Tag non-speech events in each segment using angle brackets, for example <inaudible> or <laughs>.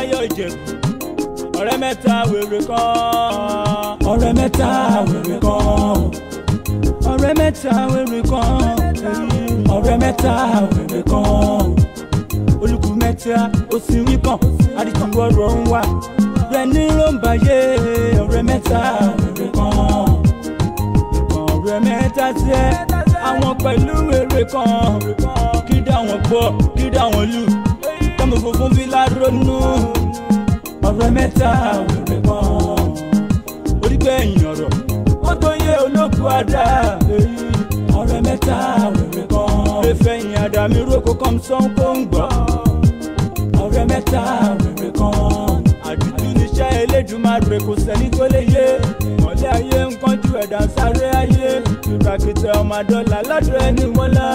Adébáyọ̀ Ìjẹ̀bú ọ̀rẹ́ mẹ́ta wèrè kan ọ̀rẹ́ mẹ́ta wèrè kan ọ̀rẹ́ mẹ́ta wèrè kan ọ̀rẹ́ mẹ́ta wèrè kan olùkù mẹ́ta òsì rí kan àdìtú ọ̀rọ̀ ń wà rẹ̀ ní ló ń báyé ọ̀rẹ́ mẹ́ta wèrè kan ọ̀rẹ́ mẹ́ta tiẹ̀ àwọn pẹ̀lú wèrè kan kí dá gbọ́ kí dá lù mo funfun fi láronú ọ̀rọ̀ mẹ́ta wèrè mọ́ orígbẹ̀yìn ọ̀rọ̀ wọ́n tó yé olókùú àdá ọ̀rọ̀ mẹ́ta wèrè mọ́ fẹ́yìn àdá mi roko kàn sọ́n kó ń gbọ́ ọ̀rọ̀ mẹ́ta wèrè kan àdúdú níṣẹ́ Elédùmarè kò sẹ́ni tó lè yé ìmọ̀lẹ́ ayé ń kánjú ẹ̀dá sáré ayé ìràkìtẹ̀ ọmọ àdọ́là ẹni wọ́lá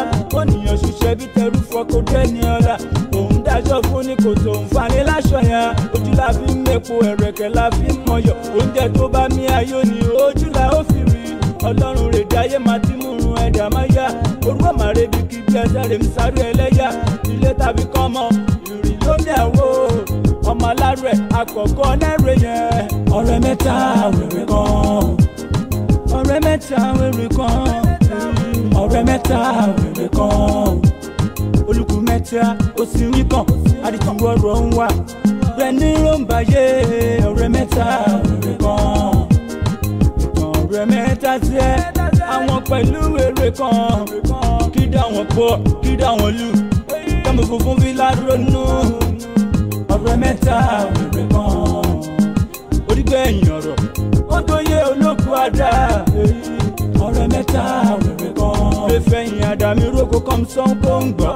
ó dájọ́ fún ní kòtò nfààní láṣọ yẹn ojú la fi ń mẹ́po ẹ̀rẹ̀kẹ́ la fi ń mọyọ̀ oúnjẹ tó bá mí ayọ̀ ni ojú la ó fi rí ọlọ́run rè dáyé máa ti mú run ẹ̀dá máa yá orúkọ máa rẹ bí kí bí ẹsẹ̀ rẹ̀ ń sáré ẹlẹ́yà ilé tàbí kọ́mọ ìrìn ló ní ẹ̀wọ́ ọmọ alárẹ̀ àkọ́kọ́ nẹ́rẹ̀ yẹn. ọ̀rẹ́ mẹ́ta wèrè kan ọ̀rẹ́ mẹ́ta wèrè kan ọ̀rẹ́ mẹ́ta wèrè kan olùkù mẹ́ta òsì níbọn àdìtú ọ̀rọ̀ ń wà rẹ ní rọ́ǹbàyé ọ̀rẹ́ mẹ́ta ọ̀rẹ́ kan ọ̀rẹ́ mẹ́ta tiẹ̀ àwọn pẹ̀lú èrè kan kí dá wọn pọ̀ kí dá wọn lù tọ́mù funfun fi láronú ọ̀rẹ́ mẹ́ta ọ̀rẹ́ kan orígbẹ̀yìn ọ̀rọ̀ ó tó yé olókùú àdá ọ̀rẹ́ mẹ́ta ọ̀rẹ́ kan lè fẹ̀yìn àdàmì rògbò kọ́msán kóńgbà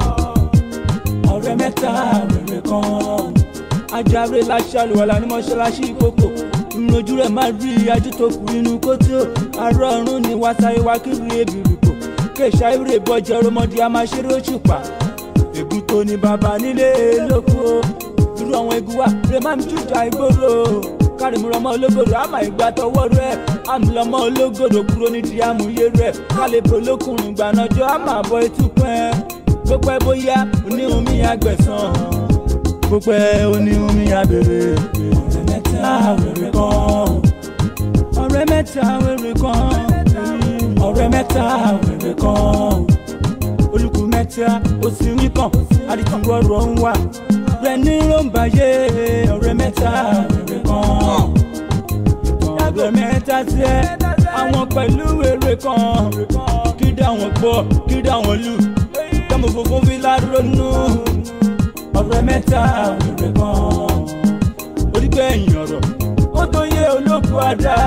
ọ̀rẹ́ mẹ́ta rere kan ajáre láṣàlùwàlà ní mọ́ṣáláṣí ìkókò ìrìnàjò rẹ̀ máa rí ajú tó kù nínú kótó ará ọ̀run ni wàsáyé wa kiri ebìrìkò kéṣà ìrè bọ́jà ọmọdé a máa ṣeré òṣùpá ègún tó ní bàbá nílé lóko irú àwọn egun wa rẹ̀ máa ń jújà ìgboro kárìmúrọmọ ológòdò àmà ìgbà tọwọ́rú ẹ̀ àmúlọmọ ológòdò kúrò nídìí àmúyérú ẹ̀ kálíbù olókùnrin gbànàjọ àmà àbọ̀ ìtúpẹ́ gbogbo bóyá oníhun mi àgbẹ̀sán gbogbo ẹ̀ oníhun àbèrè ọ̀rẹ́ wèrè kan ọ̀rẹ́ mẹ́ta wèrè kan ọ̀rẹ́ mẹ́ta wèrè kan olùkù mẹ́ta òsì ń kàn àdìtúwọ̀rọ̀ ń wà ọ̀rẹ́ ní rọ́ǹbàyé ọ̀rẹ́ mẹ́ta rere kan yàgbẹ́ mẹ́ta tiẹ̀ àwọn pẹ̀lú èrè kan kí dá wọn gbọ́ kí dá wọn lù dáàmú funfun fi láronú ọ̀rẹ́ mẹ́ta rere kan onígbẹ̀yìn ọ̀rọ̀ ó tó yé olóko àdá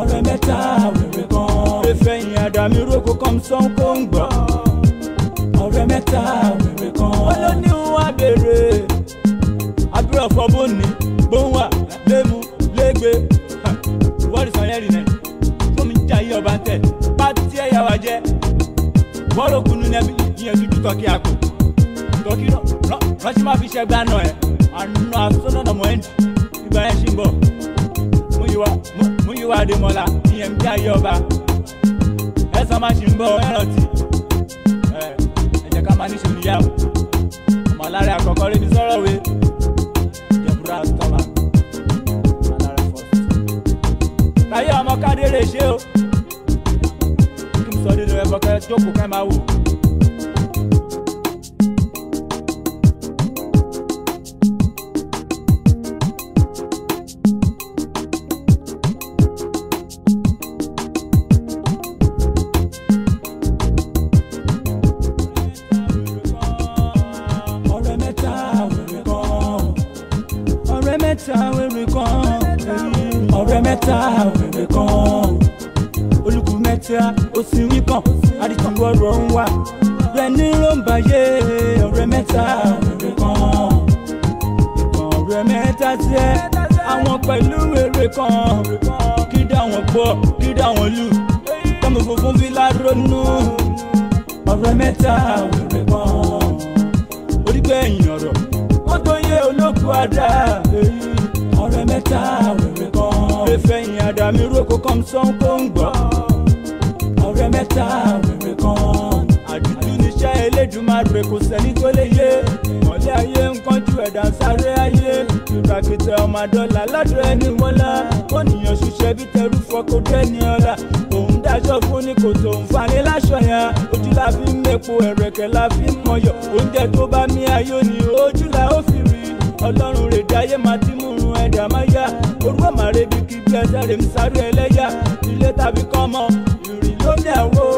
ọ̀rẹ́ mẹ́ta rere kan efẹ̀yìn àdàmíró kó kọ́ mi sọ́n kó ń gbọ́ ọ̀rẹ́ mẹ́ta rere kan wá béèrè àbúrò ọ̀fọ̀ bóni gbóhùn àlémú lẹ́gbẹ́ wọ́ọ̀dì sọ̀yẹ́rì náà tó mi jẹ́ ayé ọba tẹ̀ pátí ẹ̀yà wa jẹ́ bọ́ọ̀lù kunu nẹ́bí ìyẹn dúdú tọ́kí àpò tọ́kí rọ́ọ̀ṣì máa fi ṣe gbá náà ẹ̀ àná àsọ́nà ọmọ ẹ̀ ìgbà ẹ̀ ṣì ń bọ̀ mú yíwá adémọ́lá ìyẹn jẹ́ ayé ọba ẹ̀sán máa ṣì ń bọ̀ ẹ̀rọ̀ tì ẹ̀ ẹ̀jẹ̀ ká máa níṣòro yá o mọ̀lára àkọ́kọ́ rí mi sọ̀rọ̀ wé Deborah Thomas mọ̀lára first. Táyé ọmọ Kádéré ṣe o kí n sọ nínú ẹ̀kọ́ kẹ́ jókòó kẹ́ máa wò. mẹ́ta wèrè kan olùkú mẹ́ta òsínwí kan àdìtú ọ̀rọ̀ ń wà rẹ̀ ní ló ń báyé ọ̀rẹ́ mẹ́ta wèrè kan ọ̀rẹ́ mẹ́ta tiẹ̀ àwọn pẹ̀lú wèrè kan kí dá wọn pọ̀ kí dá wọn lù kọ́mọ funfun fi láronú ọ̀rẹ́ mẹ́ta wèrè kan orí gbẹ̀yìn ọ̀rọ̀ wọ́n tó yé olókùú àdá ọ̀rẹ́ mẹ́ta rere kan. fífẹ́ yìn àdàmì roko kan sọ́n kó ń gbọ́. ọ̀rẹ́ mẹ́ta rere kan. àdìtú níṣẹ́ Elédùmarè kò sẹ́ni tó lè yé. mọ̀lẹ́ ayé ń kánjú ẹ̀dá sáré ayé. ìràkìtẹ̀ ọmọ àdọ́là lọ́dọ̀ ẹni wọlá. ó nìyàn ṣiṣẹ́ bí tẹrú fọkọ dẹ́ni ọ̀la. òun dájọ́ fún ní kòtò ń fani láṣọ yẹn. ojú la fi ń mẹ́po ẹ̀rẹ̀kẹ́ la fi ń mọyọ̀. oúnjẹ tó bá mi ayọ̀ ni ojú ó f ọlọ́run rèdí ayé máa ti múrun ẹ̀dá máa yá orú àmàrè bí kíbi ẹ̀dáre ń sáré ẹlẹ́yà ilé tàbí kọ́mọ ìrìn ló ní ẹ̀wọ́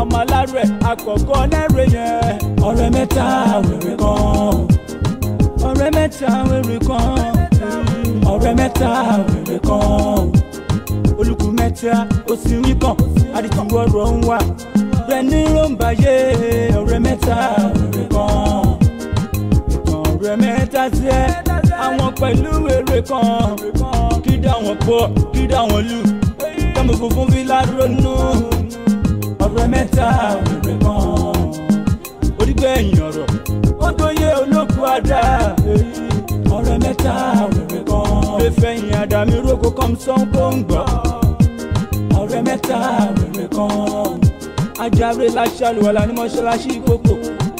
ọmọ alárẹ̀ àkọ́kọ́ lẹ́rẹ̀ yẹn. ọ̀rẹ́ mẹ́ta wèrè kan ọ̀rẹ́ mẹ́ta wèrè kan ọ̀rẹ́ mẹ́ta wèrè kan olùkù mẹ́ta òsì ń kàn àdìtú ọ̀rọ̀ ń wà rẹ̀ ní ròǹbáyé ọ̀rẹ́ mẹ́ta wèrè kan rẹ̀mẹ́ta tiẹ̀ àwọn pẹ̀lú èrè kan kí dá wọn pọ̀ kí dá wọn lù tọ́mọ funfun fi láronú ọ̀rẹ́ mẹ́ta èrè kan orígbẹ́ ẹ̀yìn ọ̀rọ̀ ó tó yé olókùn àdá ọ̀rẹ́ mẹ́ta èrè kan fẹ́fẹ́ yìn àdá mi roko kọ́msán kó ń gbọ́ ọ̀rẹ́ mẹ́ta èrè kan ajáre láṣàlùwàlà ní mọ́ṣáláṣí kókò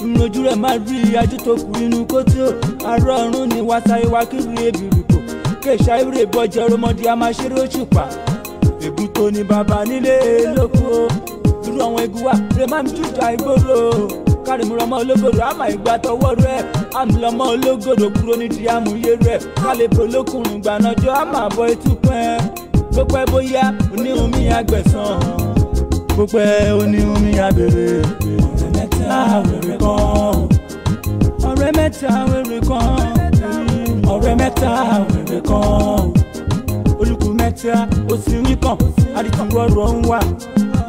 ìrojú rẹ̀ máa rí ajú tó kù inú kótó arọ ọ̀run ni wàtá ìwà kíru ebì rúkọ kéṣà ìrè bọ́jẹ́ ọmọdé a máa ṣeré òṣùpá ègún tó ní bàbá nílé lóko irú àwọn egun wa rẹ̀ máa ń jújà ìgboro kárìmù lọmọ ológodò àmà ìgbà tọwọ́ rẹ̀ àmì lọmọ ológodò kúrò nídìí àmúyé rẹ̀ kálíbò lókùnrin ìgbànàjọ àmà àbọ̀ ìtúpẹ́ gbogbo ẹ bóyá oníhun mi àgbẹ̀sán gbogbo ẹ oníhun mi àbèrè mẹ́ta wèrè kan ọ̀rẹ́ mẹ́ta wèrè kan ọ̀rẹ́ mẹ́ta wèrè kan olùkù mẹ́ta òsì ń kàn àdìtú ọ̀rọ̀ ń wà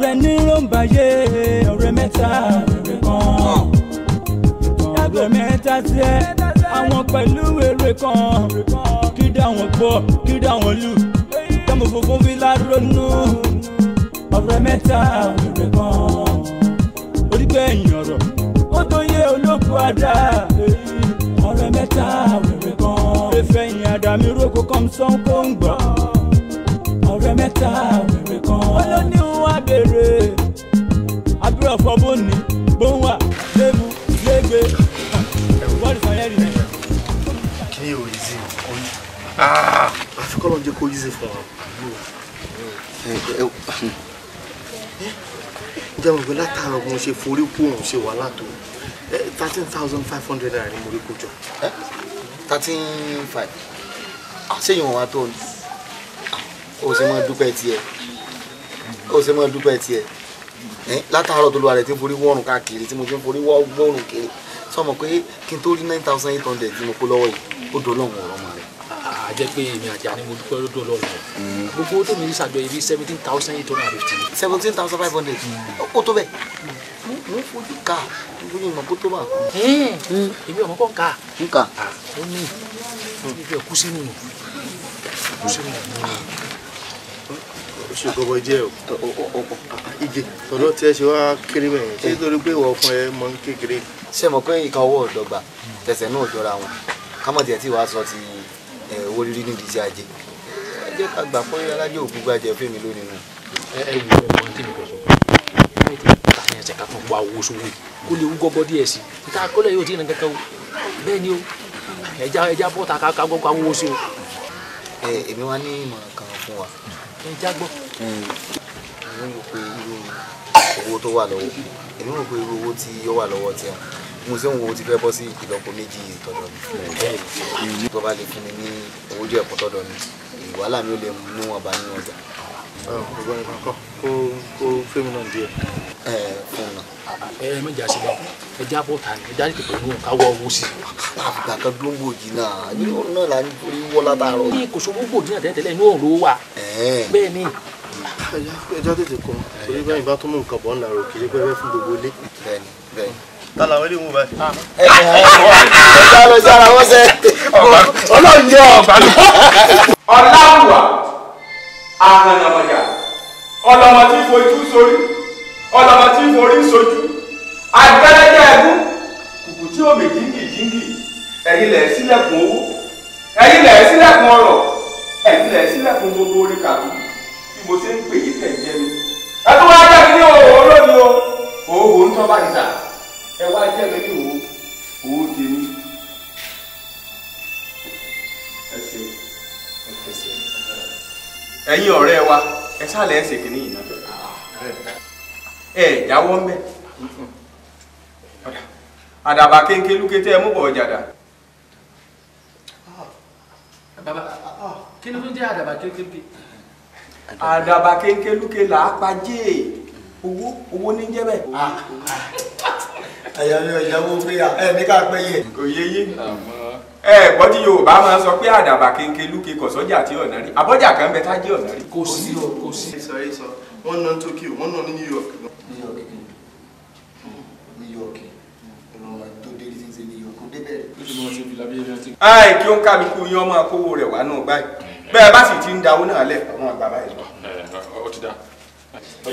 rẹ̀ ní rọ́ǹbàyé ọ̀rẹ́ mẹ́ta wèrè kan yàgbẹ́ mẹ́ta tiẹ̀ àwọn pẹ̀lú wèrè kan kí dá wọn gbọ́ kí dá wọn lù tẹ́mọ̀ fòfò fi lárònú ọ̀rẹ́ mẹ́ta wèrè kan orígbẹ̀yìn ọ̀rọ̀ ó tó yé olókùn àdá ọ̀rẹ́ mẹ́ta wèrè kan ìfẹ̀yìn àdàmì roko kọ́msán kó ń gbọ́ ọ̀rẹ́ mẹ́ta wèrè kan olóníhun wá béèrè abúlé ọ̀fọ̀ bóni bóńwà lébu légbe wọ́ọ̀dì fàyẹ́rì rẹ̀. kí ni òye sí ah! i àfikọ́ lọ́njẹ́ kó yí sí fún wa jẹ́ òun pé látara ogun ṣe forí kú òun ṣe wà látò thirteen thousand five hundred naira ni mo rí kó jọ. thirteen five ah, ṣéyìn wọn wá tó ni ah, o ṣe máa dúpẹ́ tiẹ̀ o ṣe máa dúpẹ́ tiẹ̀ látàárọ̀ tó lu ààrẹ tí ń forí wọ́ọ̀rùn káàkiri tí mo ti ń forí wọ́ọ̀rùn kiri sọ ma pé kí n tó rí nine thousand eight hundred tí mo kó lọ́wọ́ yìí ó dọ́lọ́wọ́ ọ̀rọ̀ mọ́ rẹ̀ àjẹ́ pé èmi àjà ni mo dúpẹ́ lọ́dọ̀ Ọlọ́run gbogbo owó tèmi ṣàjọ ibi seventeen thousand eight hundred and fifty. seventeen thousand five hundred ó tó bẹ́ẹ̀ mo ń fojú ká lórí ìmọ̀ bó tó wà. èmi ọmọ kọ́ ń ká. ń ká. ó ní ibi ẹ̀kú sínú ẹ̀kú sínú ṣe kọ́bọ jẹ́ o ìjì tọ́lọ́ tí ẹ ṣe wá kéré bẹ́ẹ̀ ṣé torí pé ìwọ fún ẹ mọ kékeré. ṣé mo pé ìka ọwọ́ ọ̀dọ́gba tẹ̀sẹ̀ náà jọra wọn ká mọ̀ tiẹ̀ tí wàá sọ ti owó rírí nídìí sí ajé ẹ jẹ́ ká gbà pé alájọ òkú gbàjẹ́ fẹ́mi lónìí nù. ẹ ẹ wù ẹ mọ tí mi kò sọ ẹ ti ta ẹyàn ṣẹ̀ka kan pa kó lè wú gọ́gọ́ díẹ̀ sí i níta kọ́lẹ̀ yóò ti rìn kankan o bẹ́ẹ̀ ni o ẹja ẹja bọ́ ta ká gbọ́ pa owó sí o. ẹ èmi wá ní ìmọ̀ràn kan fún wa. ẹja gbọ́. Hmm. èmi rò pé irú owó tó wà lọ́wọ́ èmi rò pé irú owó tí yóò wà lọ́wọ́ tí a mo ṣe ń wo ti fẹ́ bọ́ sí ìlọ́po méjì tọ̀dọ̀ mi tó bá lè fún mi ní owó díẹ̀ pọ̀ tọ̀dọ̀ mi ìwàhálà mi ò lè mú wọn bá nínú ọjà. ọgbọ́n ìmọ̀ kọ́ kó kó fíìmù náà díẹ̀. ẹ fún un náà. ẹ ẹ méjì àṣìbá ẹ já bọ́ tà ní ẹ dárí pẹ̀lú òun ká wọ owó sí i. àgbà kan ló ń gbòjì náà nínú náà là ń torí wọ́ látàárọ̀. ní kò sówó gbòjì náà tẹ́lẹ̀ inú òòrùn wà. bẹ́ẹ̀ ni ẹja tètè kọ torí báyìí bá tó mú nǹkan bọ̀ ńlá rò kiri pẹ́pẹ́ fún gbogbo ilé. bẹ́ẹ̀ni bẹ́ẹ̀ni tala wẹ́lẹ̀ wò báyìí. ọjà lọ sí ara wọn sẹ ọlọ́run yẹ ọ̀gbálù. ọ̀làwùwà ahànàmọ̀yà ọlọ́mọ tí fojú sórí ọlọ́mọ tí forí sojú agbẹ́rẹ́jẹ́ ẹ̀gún kùkù tí omi jíngì jíngì ẹ̀yin lẹ̀ sílẹ̀kùn owó ẹ̀yin lẹ̀ sílẹ̀kùn ọrọ̀ ẹ̀yin lẹ̀ sílẹ̀kùn gbogbo orí kàtó bí mo ṣe ń pè yí tẹ̀ jẹ́ mi. ẹ tó wá jáde ní òòrùn lónìí o òòrùn tó bá ti sà ẹ wá jẹ́ mi ní òwò owó di ẹ ṣeun ẹ ṣeun ẹ̀yin ọ̀rẹ́ wa ẹ sálẹ̀ ẹ̀ ṣèkìní yìí náà ẹ jáwọ́ ń bẹ̀ àdàbà kéńké lúké tẹ́ ẹ mú bọ̀ ọjà dà. bàbá kí ló tún jẹ́ àdàbà kéńké bí. àdàbà kéńké lúké là owó owó ní jẹ́ bẹ́ẹ̀. Ah, ah. àyà mi ò yáwó pé ah, ẹ ní ká pẹ́ yẹ. kò yé yé ẹ gbọ́ tí Yorùbá máa ń sọ pé àdàbà kéńké lúke kò sọ́jà tí ọ̀nà rí abọ́jà kan bẹ tá jẹ́ ọ̀nà rí. kò sí o kò sí. sọ yìí sọ wọn ná Tokyo wọn ná ní New York. New York New York ìrànwọ́ tó dé New York débẹ̀. ó ti mọ ṣe fìlà bí ẹni àti. ẹ kí ó ń kálukú yín ọmọ akówó rẹ̀ wá náà báyìí bẹ́ẹ̀ bá sì ti ń dawó náà lẹ̀ àwọn àgbà báyìí. ọ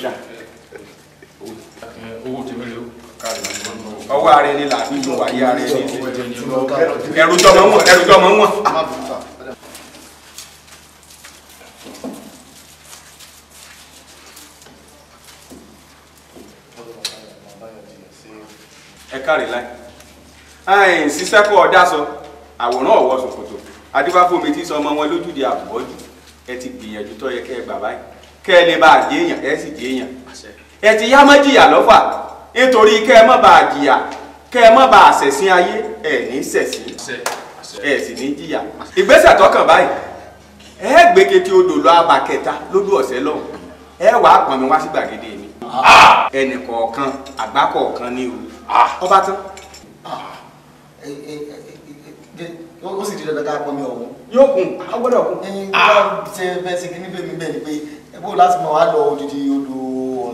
ọwọ́ ààrẹ ni làbí tó wáyé ààrẹ ni ẹrù jọmọ wọn ẹrù jọmọ wọn. ẹ káre láì ẹ̀yìn ṣiṣẹ́ kọ́ ọ̀dá sọ àwòrán ọ̀wọ́ ṣòkòtò adébáfòmi tí sọ ọmọ wọn lójúde àbúrò jù ẹ ti gbìyànjú tó yẹ kẹ́ ẹ gbà báyìí kẹ́ ẹ lè bá àdéhìyàn ẹ sì déhìyàn ẹ ti yá mọ́ jìyà lọ́fà nítorí kẹ́ ẹ mọ́ bá a jìyà kẹ́ ẹ mọ́ bá a ṣẹ̀sìn ayé ẹ ní ṣẹ̀sìn ẹ sì ní jìyà. ìgbésẹ̀ tọkàn báyìí ẹ gbé kété odò lọ abà kẹta lójú ọ̀sẹ̀ lọ́hùn ẹ wàá pọ̀n mi wá sí gbàgede mi ẹnì kọ̀ọ̀kan àgbá kọ̀ọ̀kan ní o ọba tán. ó sì di dandan ká pọnmi ọ̀hún. yóò kún a gbọ́dọ̀ kún. ẹyin wọ́n ṣe bẹ́ẹ̀ ṣe kí níbẹ̀ mi bẹ́ẹ̀ ni pé ẹ bó láti mọ̀ wá lọ odidi odò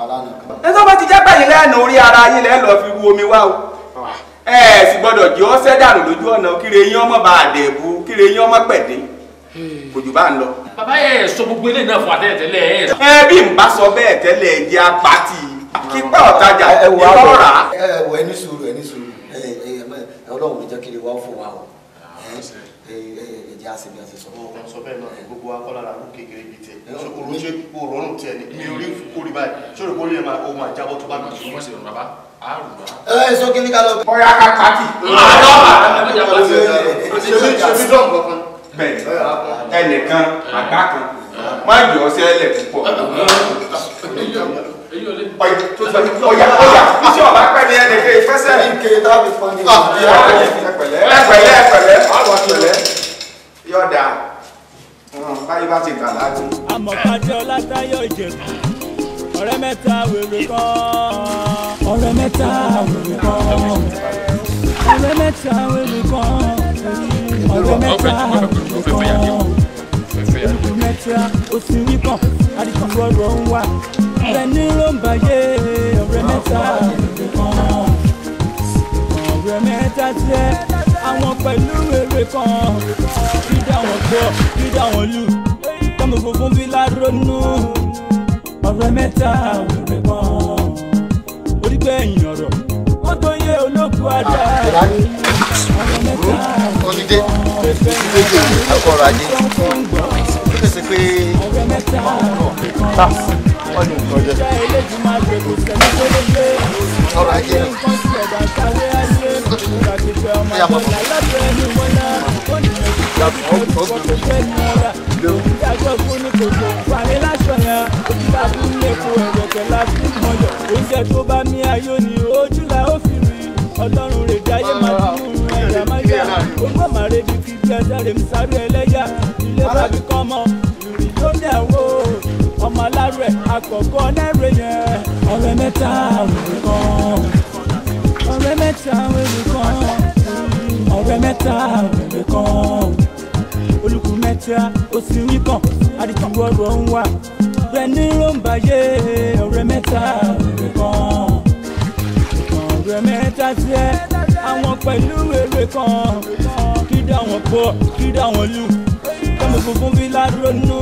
àwọn alánà kan. ẹ tó bá ti jẹ́ pẹ̀yìn lẹ́nu orí ara yín lẹ́ lọ́ọ́ fi ru omi wá o ah. ẹ ẹ sì gbọ́dọ̀ jẹ́ ọ́ sẹ́dàrú lójú ọ̀nà kíre yín ọmọ bá àdẹ̀bù kíre yín ọmọ pẹ̀dé hmm. kò jù bá ń lọ. bàbá ẹ sọ gbogbo eléyìí náà fún àtẹ̀lẹ̀ tẹ́lẹ̀ ẹ. ẹ bí n bá sọ bẹ́ẹ̀ tẹ́lẹ̀ ẹ jẹ́ apáti kípa ọ̀tajà ìkọ́ra. ẹ wọ ẹni sùúrù ẹni sùúrù ẹ ẹ ọlọ́run ìjọ kiri wá fún wa o. Ah, ẹ̀jẹ̀ àṣẹ bí a ṣe sọ. ọ̀hún sọ bẹ́ẹ̀ náà gbogbo akọ́lára ló kékeré bíi tẹ̀ ṣòkòrò ṣe kó rọrùn tiẹ̀ ní mi ò rí kórè báyìí ṣòro kórè yẹn máa ó máa jábọ́ tó bá mi. mo sì rún bàbá a rún bàbá. ẹ ẹ sọ kí ni ká lọ. bọ́yá ká kàkì. ẹnìkan àgbà kan má jọ ọ sí ẹlẹ púpọ̀ ọ̀yà ọ̀yà bísí ọ̀bá pẹ̀lú ẹ̀ nìkan ìfẹsẹ̀ ní kiri tábì fún mi. Ah, ẹ̀pẹ̀lẹ́ ẹ̀pẹ̀lẹ́ ọ̀pẹ̀lẹ́ yọ̀dà báyìí bá ti gbà láti. amọ̀kájọ́ látayọ̀ ìjẹ̀bù ọ̀rẹ́ mẹ́ta wèrè kan. ọ̀rẹ́ mẹ́ta wèrè kan. ọ̀rẹ́ mẹ́ta wèrè kan. ọ̀rẹ́ mẹ́ta wèrè kan ìlú mẹ́ta òsì wíkàn àdìjú ọ̀rọ̀ ń wà ọ̀rẹ́ ní ló ń bàyè ọ̀rẹ́ mẹ́ta ọ̀rẹ́ mẹ́ta jẹ́ àwọn pẹ̀lú èrè kan dídá wọn gbọ́ dídá wọn lù tọ́mọ funfun bí láronú ọ̀rẹ́ mẹ́ta orí gbẹ̀yìn ọ̀rọ̀ kó tó yẹ ológun ajá. ìrani burú onídé méjì akọrọ ajé ó pèsè pé ta wọn ni nǹkan jẹ ọrọ̀ ajé ẹ yà pọ̀ oúnjẹ tó bá mi ayọ̀ ni ojú. mama rebi kí pẹ́ẹ́sẹ́ rèmi sáré ẹlẹ́yà ilé bàbí kọ́mọ ìrìn ló dẹ̀ wò ọmọ alárò ẹ̀ àkọ́kọ́ náírà yẹn. ọ̀rẹ́ mẹ́ta wèrè kan ọ̀rẹ́ mẹ́ta wèrè kan ọ̀rẹ́ mẹ́ta wèrè kan olùkú mẹ́ta ó yíkan àdìtú ọ̀rọ̀ ń wà rẹ̀ ní ròǹbáyé ọ̀rẹ́ mẹ́ta wèrè kan ọ̀rẹ́ mẹ́ta tiẹ̀ àwọn pẹ̀lú èrè kan kí dá wọn pọ̀ kí dá wọn lù kọ́mọ funfun bí ládùrónú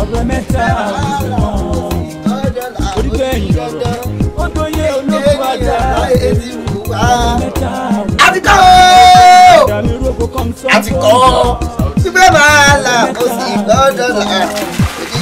ọ̀rẹ́ mẹ́ta àbùmọ̀ oríkẹ́ ẹ̀yìn ọ̀rọ̀ ó tó yẹ olóògùn àdá ọ̀rẹ́ mẹ́ta àbùmọ̀. àtikọ́ àtikọ́ síbẹ̀ máa là kó sì gbọ́dọ̀ là.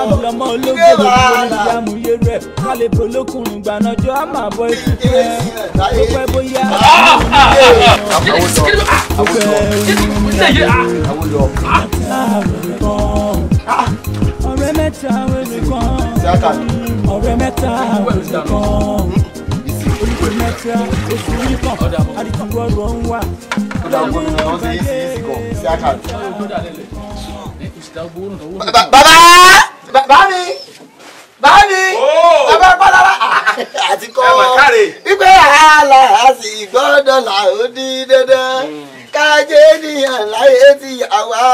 àbùlọmọ olóògbé gbogbo ní ìyàmúyẹrù ẹ má lè polókùnrin gbanájọ á máa bọ ikú pẹ tó pẹ bóyá. ọ̀rẹ́ mẹ́ta wẹrẹ kan ọ̀rẹ́ mẹ́ta wẹrẹ kan olùkọ́ mẹ́ta oṣù yìí kan àdìtúwọ̀ rọ̀ ń wà. bàbá bá mi bá mi oh. bàbá pálára <laughs> àti kọ́ wípé àhàlà a sì gbọ́dọ̀ là ó di dandan hmm. kájé nìyàn láyé ti yà wá.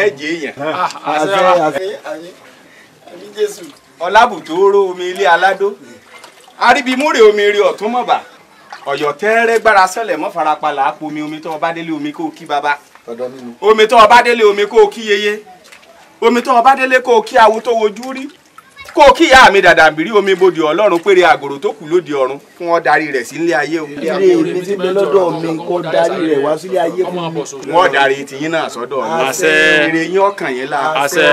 ẹ jẹ́ èèyàn. Ah, ah, àṣẹ àṣẹ àmì jésù. ọlábùtòrò omi ilé aládó arìbímúrè omi rí ọ̀tún mọ̀bà ọ̀yọ̀ tẹ́rẹ́ gbára sẹ́lẹ̀ mọ́ farapalà àpò omi omi tó o bá délé omi kó o kí baba omi tó o bá délé omi kó o kí yeye omi tó ọba délé kó o kí awo tó wojú rí kó o kí ìyá mi dàdàbírí omi bodè ọlọ́run péré àgòrò tó kù lóde ọ̀run kí wọ́n darí rẹ̀ sí ilé ayé o. ilé mi ti bẹ lọ́dọ̀ mi kó darí rẹ̀ wá sí ilé ayé fún mi. wọ́n darí tìyín náà sọ́dọ̀ mi. àṣẹ ire yín ọkàn yín la. àṣẹ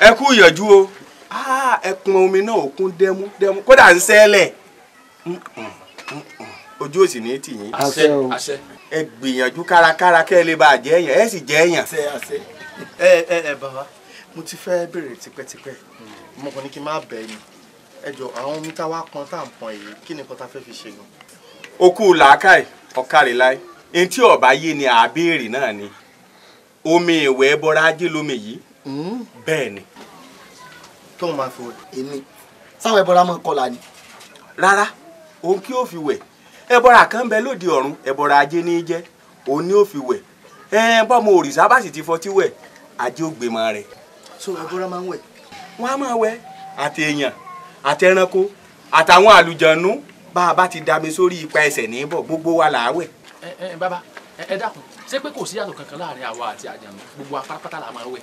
ẹ kú ìyànjú o ah, ẹkùn omi náà ò kún dẹ́mú dẹ́mú kódà ń sẹ́lẹ̀ ojú òsì ní tìyín. àṣẹ àṣẹ ẹ gbìyànjú kárakára kẹ́ ẹ lè bá jẹ́ èèyàn ẹ sì jẹ́ èèyàn. ẹ ẹ ẹ bàbá mo ti fẹ́ bèrè tipẹ́tipẹ́ mo kàn ní kí n má bẹ̀ yín ẹ jọ àwọn omi tá wá pọn tá à ń pọn èyí kí ni nǹkan tá fẹ́ fi ṣe gan. okú làákàì ọ̀kàrẹ̀láì ní tí ọ̀bá yé ni àbéèrè náà ni omi ìwẹ̀ bọra ajé lomi yìí hmm? bẹ́ẹ̀ ni. tóun máa fi wẹ̀. èmi sáwọn ẹbọra máa kọlà ni. rárá òun kí ó fi wẹ̀ ẹbọra kan bẹ lóde ọ̀run ẹbọra ajé ní í jẹ́ òun ni ó fi wẹ̀ ẹ bọ́mọ òrìṣà bá sì ti fọtí wẹ̀ ajé ó gbé so ẹbọra máa ń wẹ̀ wọ́n á máa wẹ̀ àti èèyàn àti ẹranko àtàwọn àlùjànnú bá a bá ti dami sórí ipa ẹsẹ̀ níbọ̀ gbogbo wa là á wẹ̀. ẹ ẹ bàbá ẹ dákun ṣé pé kò sí yàtọ̀ kankan láàrin àwa àti àjànú gbogbo apátápátá la máa wẹ̀.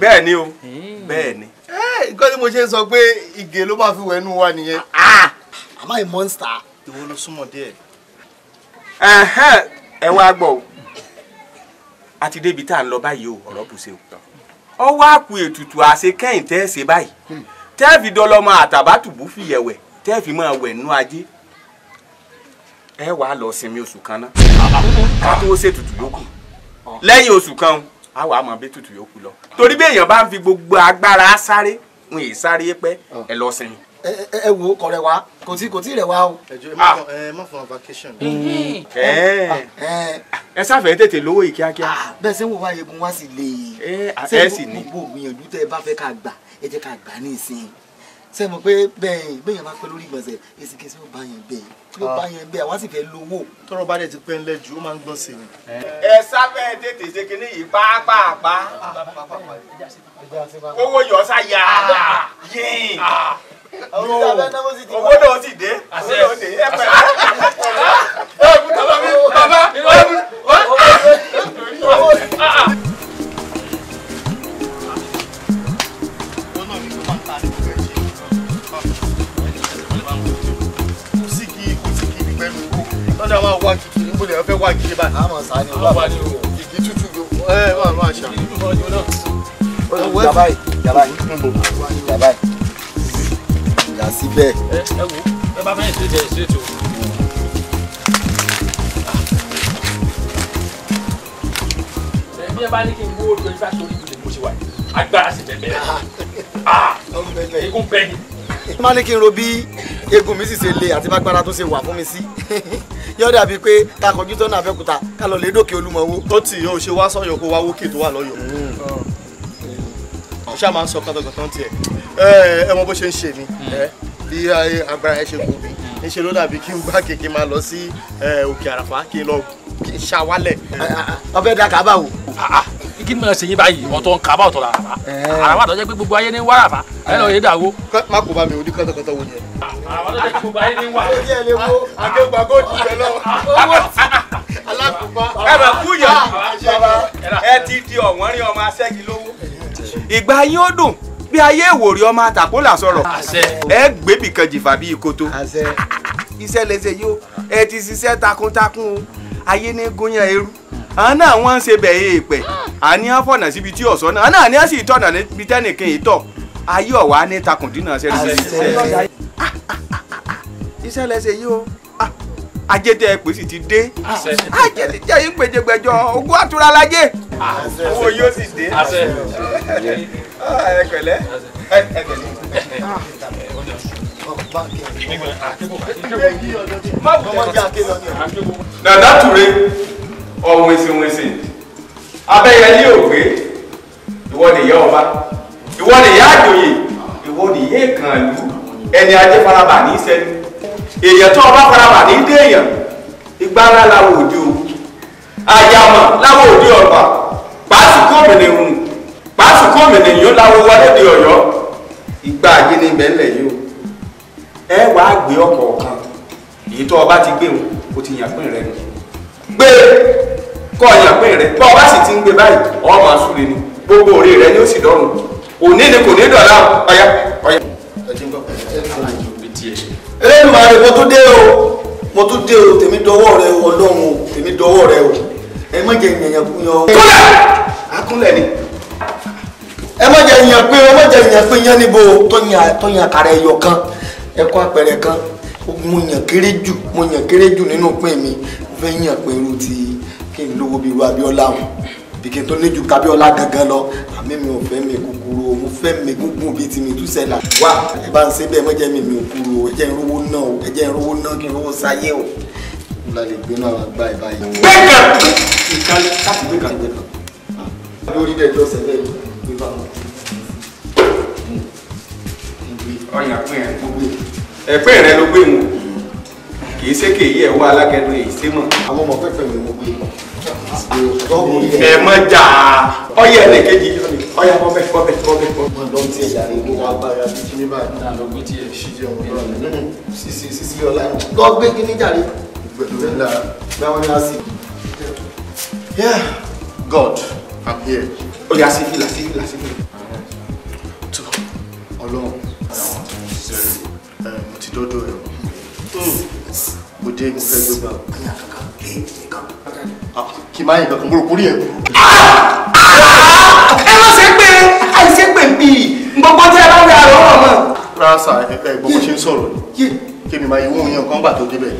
bẹ́ẹ̀ ni o hmm. bẹ́ẹ̀ ni. ẹ nǹkan tí mo ṣe ń sọ pé ìgè ló máa fi wẹ̀ nù wa nìyẹn. Ah, ah! am I monster. ìwọ ló súnmọ́ díẹ̀. ẹ wá gbọ́ o a ti débi tá à ń lọ báyìí o ọ̀rọ̀ bùṣe o ọwọ́ àpò ètùtù àṣekẹ́yìn tẹ́ ṣe báyìí hmm. tẹ́ fi dọlọ́mọ àtàbátùbù fìyẹ̀wẹ̀ tẹ́ fi máa wẹ̀ nú ajé ẹ wàá lọ sinmi oṣù kan ná ká tó ṣètùtù yòókù ah, ah. ah. lẹ́yìn oṣù kan á wàá mọ bí tùtù yòókù lọ torí bí èèyàn bá ń fi gbogbo agbára sáré ń sáré pẹ́ ẹ lọ sinmi ẹ wo kọ rẹ wa kò tí kò tí rẹ wa o. ẹjọ ẹ má fún wa vacation. Mhm. Mhm. Ah, eh. ẹ sáfẹ́ tètè lówó yìí kíákíá. Ah, bẹ́ẹ̀ ṣé wò wá egun wá sí lè. Eh, ah, ṣé gbogbo gbìyànjú tẹ ẹ bá fẹ́ ká gbà ẹ jẹ́ ká gbà ní ìsìn ṣe mọ̀ pé bẹ́ẹ̀ bẹ́ẹ̀ yẹn bá pẹ́ lórí ìgbọ̀nsẹ̀ èsìkèsì ó bá yẹn bẹ́ẹ̀ ló bá yẹn bẹ́ẹ̀ àwa sì fẹ́ lówó. tọrọ bá dẹ ti pẹ́ ńlẹ̀ jù ó máa ń gbọ́n sí i. Eh. ẹ sábẹ́ tètè ṣe kinní yìí pàápàá owó yọ̀ọ́sà yà á yìn owó náà ti dé owó náà dé ẹ pẹ̀lẹ́ ẹ kú tọ́lá mi bàbá ẹ kú wá. lọ́dọ̀ àwọn àwọn àkìkì níbo lè fẹ́ wá àkìkì báyìí. àmọ̀ sáà ni wọ́n bá ní o. ìdí tútù ló ẹ wà ló àṣà. ìdí tútù ló ń jọ náà. yàrá yìí yàrá yìí yàrá yìí là síbẹ̀. ẹ ẹ wo ẹ bá fẹ́ẹ́ ṣe ṣe tó. bí ah. ẹ bá ní kí n wó olùkọ́ nípa torí ìlú mo ṣe wà yìí agbára sì bẹ̀bẹ̀ rẹ̀ egun bẹ́ẹ̀ ni. má ní kí n ro bí egun mi sì ṣe le àti bágbára tó ṣe wà fún mi sí <laughs> yóò dàbí pé ká kọjú tọ́nà Abẹ́òkúta ká lọ lè dókè Olúmọ wó. tó tì yóò ṣe wá sọ́yọ̀ kó wá wókè tó wà lọ́yọ̀. Hmm ṣáà máa ń sọ kọ́tọ̀kọ́tọ̀ tiẹ̀ ẹ mọ bó ṣe ń ṣe mi hmm. bí agbára ẹ ṣe gùn mí hmm. níṣẹ́ ló dàbí kí n gbá kékeré máa lọ sí òkè àràfá kí n lọ ṣàwálẹ̀. ọbẹ̀ dà kábà wò ah, ah. kí ni mo ṣe yín báyìí ọ̀tọ̀ ń kaba ọ̀tọ̀ làràbà àràbà tó jẹ́ pé gbogbo ayé ní wàràbà ẹ̀ lọ́ọ́ yé dàwó. má kò bá mi òdi kọ́tọ̀kọ́tọ̀ wo yẹn. àràbà tó jẹ́ pé gbogbo ayé ní wà. ó yẹ lè wo àgbẹ̀gbà kó jù bẹ́ẹ̀ lọ. Ah, alákùnfà. ẹ bá kú yàn. ẹ ti di ọ̀wọ́n rí ọmọ asẹ́gi lówó. ìgbà yín ó dùn bí ayé ìwòrì ọmọ àtàkùnlà sọ̀rọ̀ ẹ gbébì kan jìfà bíi koto iṣẹ́ lẹ́sẹ̀ yìí ó ẹ o ayé ní gúnyàn eru ń ṣe àní á síbi tí náà á sì níbi ayé ní takùndínà yìí ajé tẹ ẹ pè sì ti dé ajé ti jẹ yín gbèjègbèjọ ogún àtúrà lájé owó yóò sì dé ah, ẹ pẹ̀lẹ́ ẹ pẹ̀lẹ́. dàdá Ture ọ̀hún ìsìnwìnsìn abẹ́yẹlé ògbé ìwọ nìyá ọba ìwọ nìyá àjòyè ìwọ nìyá èkánlú ẹni ajé faraba ní í sẹ́nu èèyàn tó ọba faraba ní dé èèyàn igbá ńlá làwọn òde o àyàmọ̀ làwọn òde ọ̀pá pàásìkò òmìnir hùn pàásìkò òmìnir yóò láwọ wọlé de ọ̀yọ́ ìgbà àgbẹ̀ni bẹ́ẹ̀lẹ̀ yìí o ẹ wàá gbé ọkọ̀ kan èyí tó ọba ti gbé wọn o ti yàn pín rẹ nù gbé kọ yàn pín rẹ bọ́ ọba sì ti ń gbé báyìí ọmọ àsúre ni gbogbo òre rẹ ni ó sì dọ́rùn òní ni kò ní dọ̀la ọ̀yá ọ̀yá. Elédùmarè mo tún dé o mo tún dé o tèmi dọwọ́ rẹ o ọlọ́run o tèmi dọwọ́ rẹ o ẹ má jẹ ìyẹn kú yan o. kúnlẹ̀ akúnlẹ̀ ni ẹ má jẹ ìyẹn pé ẹ má jẹ ìyẹn pé yẹn níbo tọ́yìn àkàrà ẹ̀yọ̀ kan ẹ kó àpẹẹrẹ kan mo yàn kéré jù mo yàn kéré jù nínú pín mi mo fẹ́ yàn pé irú ti kí n lówó bíi irú Abíọ́lá hùn bí kí n tó níjú kábíọ́lá gangan lọ àmì mi ò fẹ́ mi kúkú fẹ́ mi gúngún bíi ti mi tú sẹ́là wá ẹ bá ń ṣe bẹ́ẹ̀ mọ́jẹ́ mi mi ò kúrò ẹ jẹ́ ń rówó náà o ẹ jẹ́ ń rówó náà kí n rówó sáyé o. mo la lè gbéná àwọn àgbà ìbá yìí. bẹ́ẹ̀ kan ìkàlẹ̀ rẹ ló gbé wọn kì í ṣe kéyí ẹ̀ wá alágẹnu èyí sí mọ̀. àwọn ọmọ pẹ́pẹ́ mi ò gbé wọn ẹ mọ jà ọyẹ ẹnì kejì ọyẹ bọbẹ bọbẹ bọbẹ bọbẹ. ọdọ tí ẹ yàrá ìlú wa bá yàrá bíi kíní báyìí náà lọgbẹ tí ẹ ṣí jẹ náà ní sísí sísí ọlá lọ gbé kíní jàre gbẹdọgbẹ ńlá báwọn ní àsì. yeah god i'm here. ó yà sí fìlà sí fìlà sí fìlà. tó ọlọ́run mo ti dọdọ ẹ o hmm. mo dé mo fẹ́ gbé kì máa yìn kankan gbòòrò kórè ẹ̀. ẹ má ṣe pé àìṣe pé bí gbogbo tí ẹ bá wí àrò ọ̀rọ̀ mọ́. rárá sà ẹ gbogbo ṣe ń sọ̀rọ̀ ni kí mi máa yí wọ́n yan kan gbà tó débẹ̀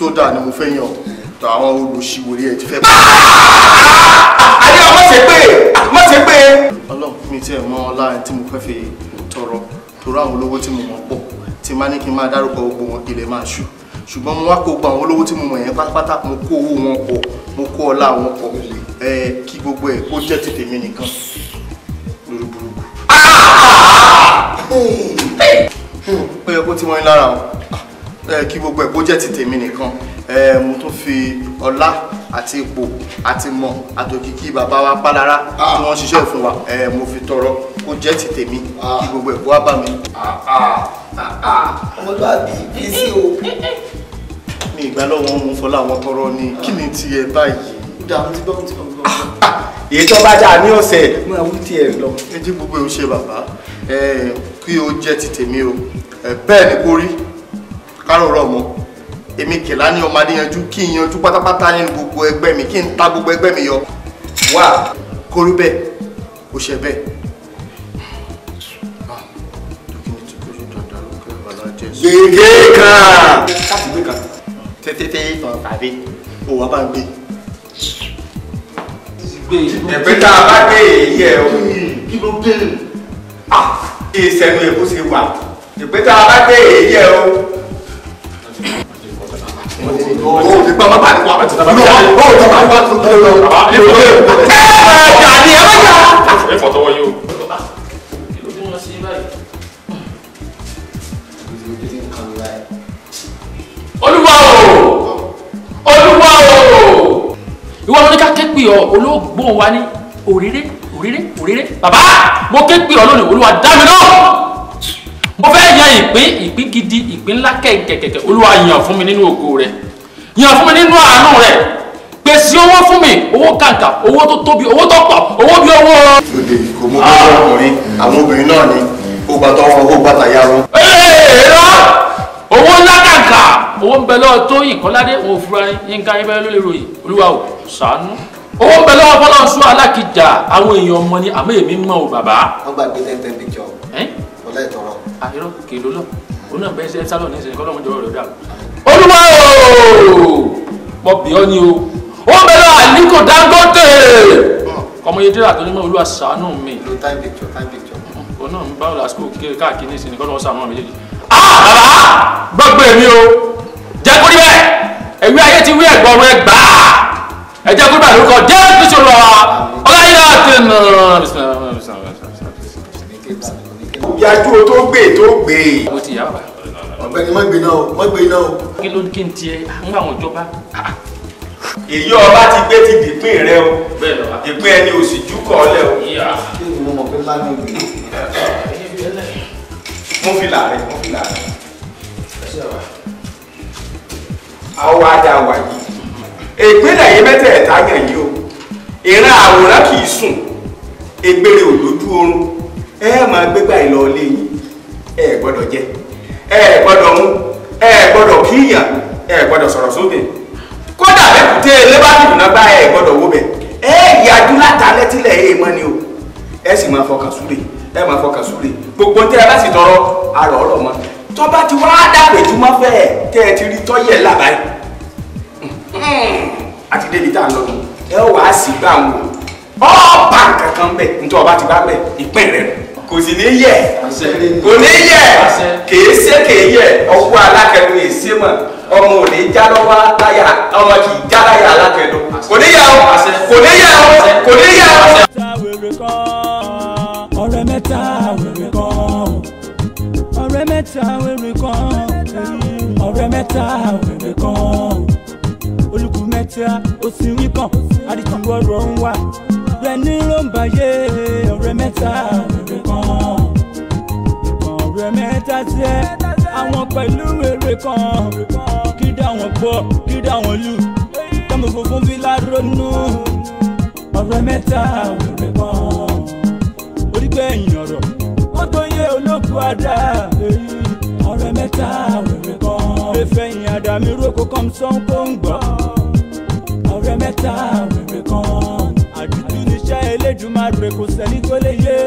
tó dáa ni mo fẹ́ yàn àwọn olùṣìwòrè ẹ ti fẹ́. ní kí n máa dárúkọ gbogbo wọn ilẹ̀ máa ṣù ṣùgbọ́n mo wá kó gba àwọn olówó tí mo mọ̀ yẹn pátápátá mo kó owó wọn pọ̀ mo kó ọlá wọn pọ̀ ẹ kí gbogbo ẹ̀ kó jẹ́ ti tèmi nìkan lórí burúkú. ó yẹ kó tí wọ́n ń lára o kí gbogbo ẹ̀ kó jẹ́ ti tèmi nìkan mo tún fi ọlá àti ipò àti mọ̀ àtòkìkí bàbá wa pálára tí wọ́n ṣiṣẹ́ fún wa mo fi tọrọ kó jẹ́ ti tèmi kí gbogbo ẹ̀ kó wá bá mi. ọmọlúwàbí bí sí o ní ìgbà lọ́wọ́ ń fọlá àwọn tọrọ ni kí ni ti ẹ báyìí. dà ti gbọ́ ti gbọ́ ti gbọ́. èyí tó bá dà ní ọ̀sẹ̀ máa wú tiẹ̀ lọ. ẹ jí gbogbo ìhùn bàbá kí o jẹ́ ti tèmi o bẹ́ẹ̀ ni kò rí kárọ̀ rọ̀ mọ́ èmi kìlá ní ọmọdé yanjú kí n yanjú pátápátá nínú gbogbo ẹgbẹ́ mi kí n ta gbogbo ẹgbẹ́ mi yọ wá kórí bẹ́ẹ̀ kò ṣe bẹ́ẹ̀. gbèǹgé kan títí tán pàdé òwò bá ń gbé. ẹ̀pẹ́ tá a bá dé èyí ẹ̀ o. kí ló dé? ìsẹ̀nu èkó ṣe wà ìwọ ló ní ká ké pè ọ olóògbóhùn wa ní òréré òréré òréré bàbá mo ké pè ọ lónìí olúwa dá mi náà mo fẹ́ yan ìpín ìpín gidi ìpín ńlá kẹ̀kẹ̀kẹ̀ olúwa yàn fún mi nínú ògo rẹ yàn fún mi nínú àánú rẹ pèsè owó fún mi owó kàǹkà owó tó tóbi owó tó pọ̀ owó bí owó. lóde kò mú kí wọn ọkùnrin àwọn obìnrin náà ni ó gbàtọ́ wọn ó gbàtà yá wọn. ee rọ owó ńlá kàǹkà owó ń bẹ lọ́wọ́ tó ìkọ́ládé òun òfurá ní nǹkan ayébẹ́rẹ́ ló lè ròyìn olúwa ò sànú owó ń bẹ lọ́wọ́ fọlọ́ sún alákìjà àwọn èèyàn mọ ni àmọ́ èmi mọ ò bàbá. wọ́n gbà gbé ten ten picture ọ̀la ìtọ̀rọ̀. àyẹ̀rọ kèló lọ òun náà bẹ́ẹ̀ sẹ́ sálọ̀ ní ìsìn kọ́lọ́mù jọ̀rọ̀ rẹ̀ dà. olúwa ooo pọ̀ bí ọ́ ni o owó ń bẹ lọ́wọ́ Àlíkò Dangote ọmọye dírà tó ní mọ́ olúwa sànú mi. lo time picture time picture. Mm-hmm. òun náà ń bá ọ̀là school káàkiri ní ìsìn kọ́lọ́mù sànú àwọn méjèèjì. ah bàbá gbàgbé mi o jẹ́ kó rí bẹ́ẹ̀ ẹ̀wí ayé ti wí ẹ̀gbọ́n rẹ gbà á ẹ jẹ́ kó rí bẹ́ẹ̀ lórúkọ jẹ́ kó sọ̀rọ̀ ọ̀gá yìí náà ti nù. yàtú o tó gbé tó gbé. mo ti yà bàbá. ọ̀gbẹ́ni má gbé náà má gbé náà. kí ló kí n tiẹ̀ ń gbà wọ́n jọba. èyí ọba ti gbé ti dìpín rẹ o ìpín ẹni òsì jù kọ́ ọ lẹ o. ni mo mọ̀ pé má ní ìgbé mo fi láàrin mo fi láàrin àwọn adáwà yìí ìpínlẹ̀ yìí mẹ́tẹ̀ẹ̀ta yàn yìí o ìran àwòrán kì í sùn egbèrè ò oorun ẹ máa gbégbá ìlọ ilé yìí ẹ gbọ́dọ̀ jẹ ẹ gbọ́dọ̀ mú ẹ gbọ́dọ̀ kíyàn ẹ gbọ́dọ̀ sọ̀rọ̀ sókè kódà lẹ́kùté lébàdìbò bá ẹ gbọ́dọ̀ wó bẹ̀ ẹ yàjú látàlẹ́ tílẹ̀ ẹ mọ́ ni o ẹ sì máa fọkàn súre ẹ máa fọkàn súre gbogbo tẹ́ ẹ bá sì tọrọ arọ̀ ọ̀rọ̀ tó bá ti wá dàbẹ̀júmọ́ fẹ́ tẹ́ ẹ ti rí tọ́yẹ̀ làbáyé àti débi tá à lọ nù ẹ wàá sì gbà ń wò ọba nǹkan kan bẹ nítorí ọba ti bá bẹ ìpín rẹ kò sì ní yẹ kò ní yẹ kèé ṣe kèé yẹ ọwọ́ alákẹ̀dùn èsì mọ̀ ọmọ ò já lọ́wọ́ láyà ọmọ kì í já láyà alákẹ̀dùn kò ní yẹ ọ kò ní yẹ ọ kò ní yẹ ọ. ọ̀rẹ́ mẹ́ta wèrè kan mẹ́ta wèrè kan ọ̀rẹ́ mẹ́ta wèrè kan olùkú mẹ́ta òsínwí kan àdìtú ọ̀rọ̀ ń wà rẹ̀ ní ló ń báyé ọ̀rẹ́ mẹ́ta wèrè kan ọ̀rẹ́ mẹ́ta tiẹ̀ àwọn pẹ̀lú wèrè kan kí dá wọn pọ̀ kí dá wọn lù tọ́mọ̀ funfun bí láronú ọ̀rẹ́ mẹ́ta wèrè kan orí gbẹ̀yìn ọ̀rọ̀ àdá ọ̀rẹ́ mẹ́ta wèrè kan. ìfẹ́ yìí àdá mi roko kan sọ́n kó ń gbọ́. ọ̀rẹ́ mẹ́ta wèrè kan. àdúgbò níṣẹ́ Elédùmarè kò sẹ́ni tó lè yé.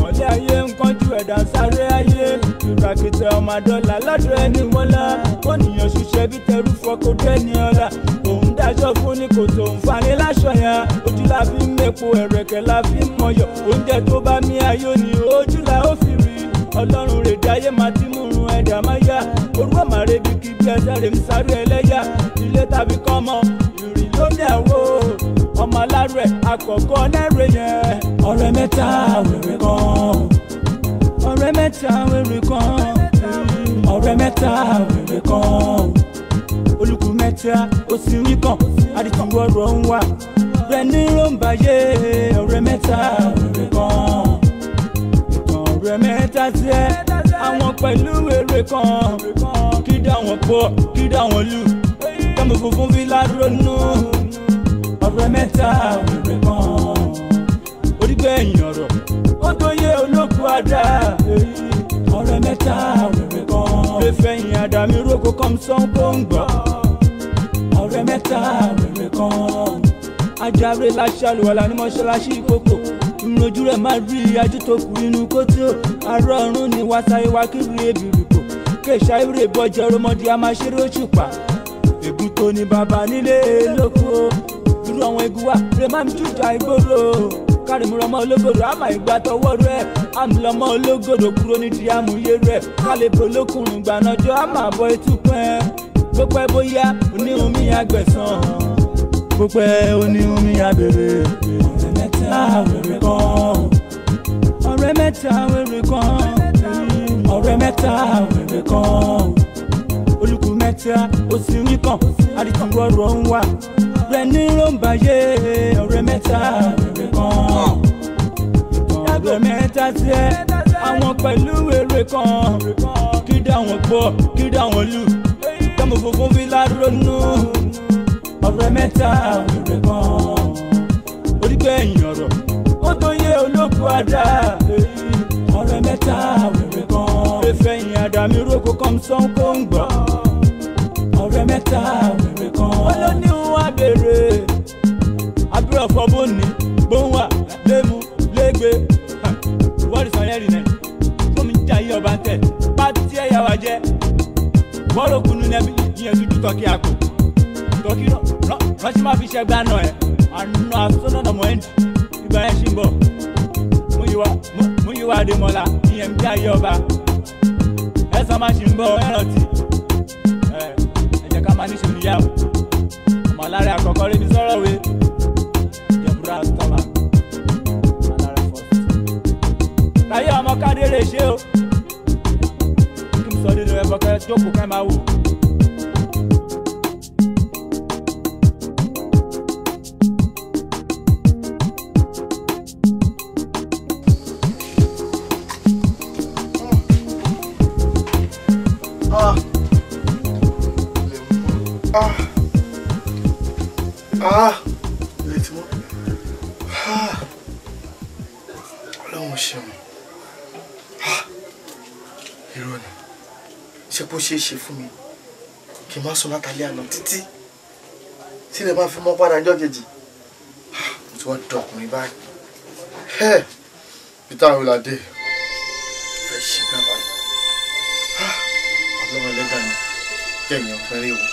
mọ̀lẹ́ ayé ń kánjú ẹ̀dá sáré ayé. ìràkìtẹ̀ ọmọ dọ́là lọ́dọ̀ ẹni mọ́lá. ó nìyàn ṣiṣẹ́ bí tẹrú fọkọ dẹ́ni ọ̀la. òun dájọ́ fún ní kò tó ń fani láṣọ yẹn. ojú la fi ń mẹ́po ẹ̀rẹ̀kẹ́ la fi ń mọyọ̀. oúnjẹ tó bá mi ayọ̀ ni ojú la ó fi ọlọ́run rèdí ayé máa ti múrun ẹ̀dá máa yá orúkọ màrè bí kí bí ẹsẹ̀rẹ̀ ń sáré ẹlẹ́yà ilé tàbí kọ́mọ ìrìn ló ní ẹ̀wọ́ ọmọ alárẹ̀ àkọ́kọ́ lẹ́rẹ̀ yẹn. ọ̀rẹ́ mẹ́ta wèrè kan ọ̀rẹ́ mẹ́ta wèrè kan ọ̀rẹ́ mẹ́ta wèrè kan olùkù mẹ́ta òsì rí kan àdìtú ọ̀rọ̀ ń wà rẹ̀ ní ròǹbáyé ọ̀rẹ́ mẹ́ta wèrè kan rẹ̀ mẹ́ta tiẹ̀ àwọn pẹ̀lú èrè kan kí dá wọn pọ̀ kí dá wọn lù kẹ́mi funfun fi ládùrónú ọ̀rẹ́ mẹ́ta èrè kan orígbẹ́ ẹ̀yìn ọ̀rọ̀ ó tó yé olókùn àdá ọ̀rẹ́ mẹ́ta èrè kan fẹ́fẹ́ yìn àdá mi roko kọ́msán kó ń gbọ́ ọ̀rẹ́ mẹ́ta èrè kan ajáre láṣàlùwàlà ní mọ́ṣáláṣí kókò ìrànjú rẹ̀ máa rí ajú tó kù inú kótó arọ ọ̀run ni wàtá ìwà kíru ebì rìpò kéṣà ìrè bọ́jẹ́ ọmọdé a máa ṣeré òṣùpá ègún tó ní bàbá nílé lóko irú àwọn egun wa rẹ̀ máa ń jújà ìgboro kárìmù lọmọ ológodò àmà ìgbà tọwọ́ rẹ̀ àmì lọmọ ológodò kúrò nídìí àmúyé rẹ̀ kálíbò lókùnrin gbànàjọ àmà àbọ̀ ìtúpẹ́ gbogbo ẹ bóyá oníhun mi àgbẹ̀sán gbogbo ẹ oníhun mi àbèrè wèrè kan ọ̀rẹ́ mẹ́ta wèrè kan ọ̀rẹ́ mẹ́ta wèrè kan olùkù mẹ́ta ó sì ń kàn àdìtú ọ̀rọ̀ ń wà rẹ̀ ní rọ́ǹbàyé ọ̀rẹ́ mẹ́ta wèrè kan ọ̀rẹ́ mẹ́ta tiẹ̀ àwọn pẹ̀lú wèrè kan kí dá wọn gbọ́ kí dá wọn lù tọmọ funfun fi lárònú ọ̀rẹ́ mẹ́ta wèrè kan gbẹ̀yìn ọ̀rọ̀ ó tó yé olóko àdá ọ̀rẹ́ mẹ́ta wẹ̀rẹ̀ kan. ìfẹ̀yìn àdàmì roko kọ́msán kó ń gbọ́ ọ̀rẹ́ mẹ́ta wẹ̀rẹ̀ kan. wọ́n ló ní wọn á béèrè abúlé ọ̀fọ̀ bóni bóńwà lẹ́mu lẹ́gbẹ ìwọ́dì sọ̀rẹ́rì náà fúnmi jayé ọba tẹ̀ pátí ẹ̀yà wa jẹ́ bọ́ọ̀lù kunu nẹ́bí ìyẹn dúdú tọ́kì àpò tọ́kì rọ́ṣí má fi ṣẹ́gbá náà ẹ̀ àná àsọ́nà mọ́ẹ́n ìgbà yẹn ṣì ń bọ̀ múyíwá adémọ́lá ìyẹn ń bí ayé ọba ẹ̀sán máa ṣì ń bọ̀ ẹ̀rántí ẹ̀jẹ̀ ká máa níṣẹ́ níyàwó ọmọlára àkọ́kọ́ rí mi sọ̀rọ̀ wé ìjẹ̀búra tọ́ba ọmọlára fọ́ọ̀tì. táyé ọmọ kádéré ṣe o kí n sọ nínú ẹ̀kọ́ kẹ́ jókòó kẹ́ máa wò. ṣeé ṣe fún mi kí n má sùn látàlẹ́ àná títí tí lè má fi mọ́ padà ọjọ́ kejì mo ti wá dọkùnrin báyìí peter awolade fẹ́ ṣe bẹ́ẹ̀ báyìí ah, ọlọ́run ẹlẹ́gàá ni kẹ́yìn ọ̀pẹ́rẹ́ wò.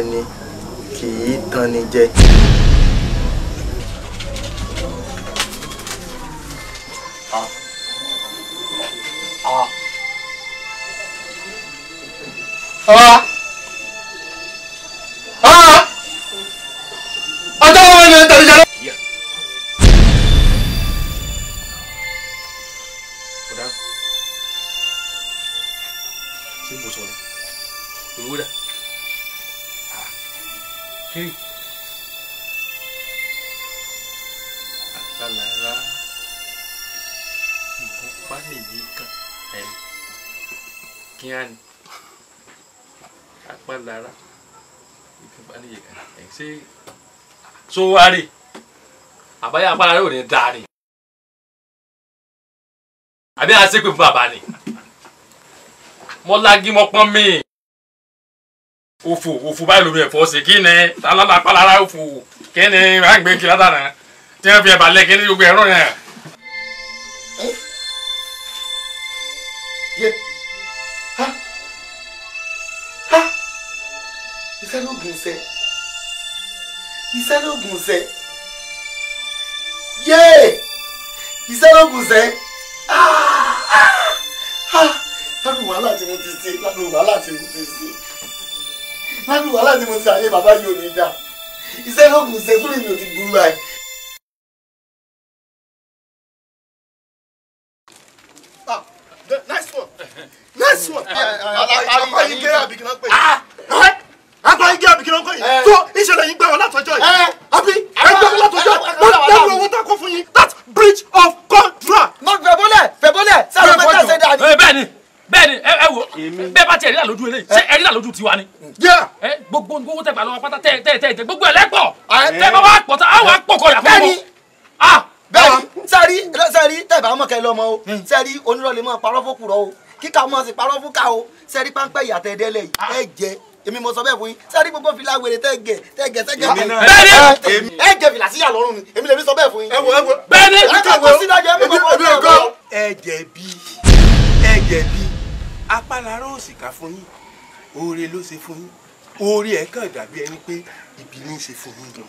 你。so wá rè àbáyá apára rẹ ò ní dáa ni àbí a ṣépè fún bàbá ni mo lági mo pọ́n mi òfò òfò báyìí lómi ẹ̀fọ́ ṣe kí ni tálálà apára òfò kí ni máa kí ládàá náà tí wọ́n fi ẹ̀bà lẹ́kẹ́ ní gbogbo ẹ̀rọ yẹn. Ha? Ha? Is that not iṣẹ́ lóògùn ṣẹ́ yéè iṣẹ́ lóògùn ṣẹ́ ah! ah! ládùn wàhálà tí mo ti ṣe ládùn wàhálà tí mo ti ṣe ládùn wàhálà tí mo ti ṣe àyè bàbá yìí ò ní dà iṣẹ́ lóògùn ṣẹ́ mi ò ti burú àyè. Ah! Nice one. Nice one. Àlàyé kẹ́rẹ́ àbí kí n lọ pè é agbára igi àbí kí ló ń kọ́ yìí tó eh. ìṣẹ̀lẹ̀ yìí gbà wọ́n látọjọ́ yìí eh. àbí ẹgbẹ́ wọn látọjọ́ lọ́dún owó tá a fún yín that breach of contract. mo fẹ̀bọ́lẹ̀ fẹ̀bọ́lẹ̀ sáré ọmọ ìjà ṣẹ̀dá ni. Eh, bẹ́ẹ̀ni bẹ́ẹ̀ni ẹ wo bẹ́ẹ̀ bá tiẹ̀ rí làlójú eléyìí ṣé ẹ rí làlójú tiwa ni. gbogbo owó tẹgbà lọ́wọ́ pátá tẹ tẹ tẹ gbogbo ẹlẹ́pọ̀ ah, tẹ bá wà pọ̀ tá àwọn àpọ̀kọ̀ yà fún mi. bẹ́ẹ̀ni sẹ́rí ah, sẹ́rí tẹ̀bà ọmọkẹ́ lọ́mọ o sẹ́rí hmm. onírọ̀lẹ́mọ̀ parọ́ o kíkà ọmọ sì parọ́ o sẹ́rí páńpẹ́ ìyàtẹ̀ẹ́dẹ́lẹ̀ yìí ah. ẹ jẹ́ èmi mo sọ bẹ́ẹ̀ fún yín sẹ́rí gbogbo fìlà wèrè tẹ́gẹ̀ tẹ́gẹ̀ tẹ́gẹ̀ bẹ́ẹ̀ni ẹ jẹ fìlà síyà lọ́rùn ni èmi lèmi sọ bẹ́ẹ̀ fún yín. bẹ́ẹ̀ni èmi kò ẹ jẹ̀bi ẹ jẹ̀bi apálára ò sì ká fún yín oore ló ṣe fún yín oore ẹ̀ kàn dàbí ẹni pé ibi ní ṣe fún yín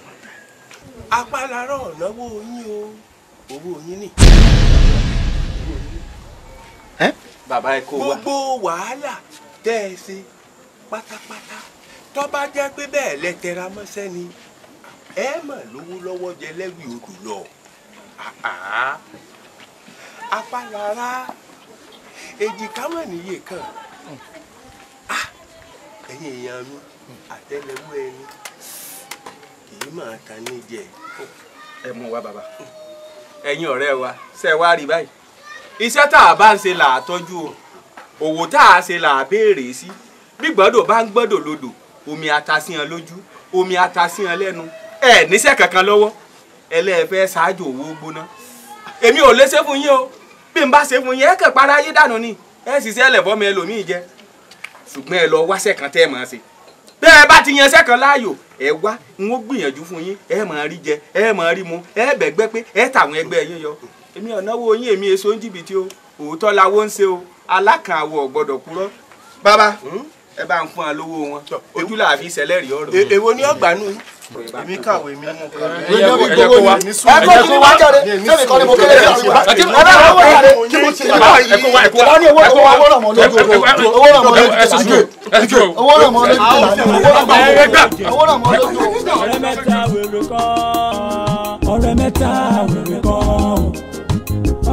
apálára ọ̀nàwó yín o owó yín ni. bàbá ẹ kó wa gbogbo wàhálà tẹ́ ẹ ṣe pátápátá tó bá jẹ́ pé bẹ́ẹ̀ lẹ tẹra mọ́ṣẹ́ ni ẹ mọ̀ lówó lọ́wọ́ jẹ lẹ́wì odò lọ apálára èjìká mọ̀ níye kan ẹ̀yin èèyàn mi àtẹlẹwọ́ ẹni kì í máa ta ní jẹ. ẹ mú wa bàbá ẹ̀yin ọ̀rẹ́ wa ṣe wá rí báyìí iṣẹ́ tá a bá ń ṣe là á tọ́jú o òwò tá a ṣe là á béèrè sí. Si bí gbọ́dọ̀ bá ń gbọ́dọ̀ lodò omi atasíyan lójú omi atasíyan lẹ́nu ẹ níṣẹ́ kankan lọ́wọ́ ẹlẹ́ẹ̀fẹ́ ṣáájú owó gbóná èmi ò lè ṣe yín o bí n bá ṣe fún yín ẹ kàn para ayé dànù ni ẹ sì ṣẹlẹ̀ bọ́mi ẹlòmíì jẹ ṣùgbọ́n ẹ lọ wáṣẹ́ kan tẹ́ ẹ máa ṣe bẹ́ ẹ bá ti yan iṣẹ́ kan láàyò ẹ wá n ó gbìyànjú fún yín ẹ máa rí jẹ ẹ máa rí mu ẹ bẹ̀gbẹ́ pé ẹ tàwọn ẹgbẹ́ yín yọ èmi ọ̀náwó yín èmi èso ń jìbìtì o òótọ́ lawó ń ṣe o alákàn àwọ̀ gbọ́dọ̀ kúrò bàbá hmm? ẹ bá ń fún wa lówó wọn ojú là fi sẹlẹ̀rì ọ̀rọ̀. E- èwo ni ọgbà nù èmi kàwé mi mú ẹ jẹ́ kó wa ẹ jẹ́ kó wa sẹ́mi kọ́ ni mo kéré lọ́wọ́ wa. ẹ bá wọ́n wà lé kí mo ṣe yàrá yìí. ẹ kó wa ẹ kó wa ẹ kó wa owó ràmọ́ lójoojú owó ràmọ́ lójoojú ẹ sọ́jú ẹ sọ́jú owó ràmọ́ lójoojú owó ràmọ́ lójoojú. ọ̀rẹ́ mẹ́ta wèrè kọ́ ọ̀rẹ́ mẹ́ta wèrè kọ́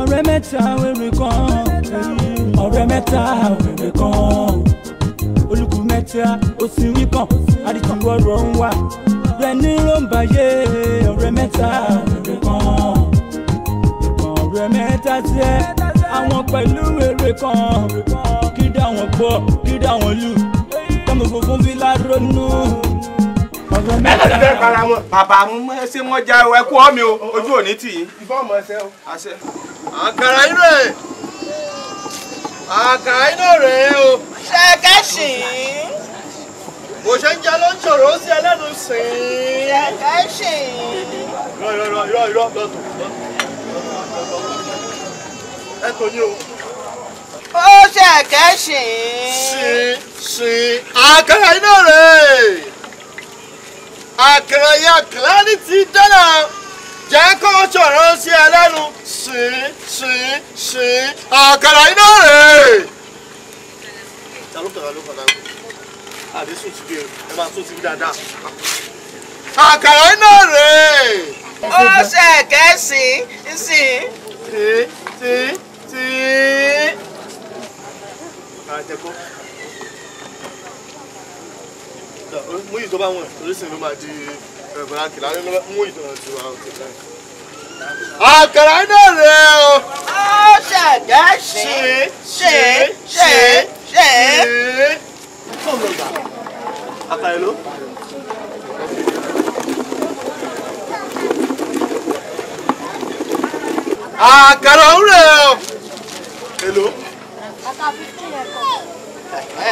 ọ̀rẹ́ mẹ́ta wèrè kọ́ ọ̀rẹ́ mẹ́ta wèrè kọ́ ẹ̀tẹ́ra òsì rí kan àdìtú ọ̀rọ̀ ń wà rẹ̀ ní ló ń bàyè ọ̀rẹ́ mẹ́ta rẹ̀ kan ọ̀rẹ́ mẹ́ta tiẹ̀ àwọn pẹ̀lú èrè kan kí dá wọn gbọ́ kí dá wọn lù tọ́mọ funfun fi láronú mẹ́tẹ̀ẹ̀ta fẹ́ para wọn. bàbá mo ṣe wọn já ẹkú ọmọ ojú òní tì í. ìfọ̀mọ̀ ẹsẹ̀ o. àṣẹ. àǹkàrà irú àkà inú rèé o. ṣẹ́kẹ́ ṣì ń. bó ṣe ń jẹ ló ń ṣòro ó ẹlẹ́nu sìn ín. ṣì ń. irọ́ irọ́ irọ́ irọ́ irọ́ lọ́tọ̀ ẹ tó o. ó ṣẹ̀kẹ́ ṣì ń. sìn sìn àkàrà inú rèé àkàrà yẹn ti dáná jẹ́ kó ṣọ̀rọ̀ sí ẹ lẹ́nu sìn sìn sìn àkàrà iná rẹ̀. àkàrà iná rẹ̀. ó ṣe ẹ̀kẹ́ sìn sìn. sìn sìn sìn. àtẹ̀kọ́ mú ìjọba wọn lórí sìn ló máa di. Àkàrà náà rẹ̀ o. Ó ṣẹ̀dá ṣe ṣe ṣe ṣe. Àkàrà ló. Àkàrà ń rẹ̀ o. Èlò. Àkàrà fifteen ẹ̀kọ́.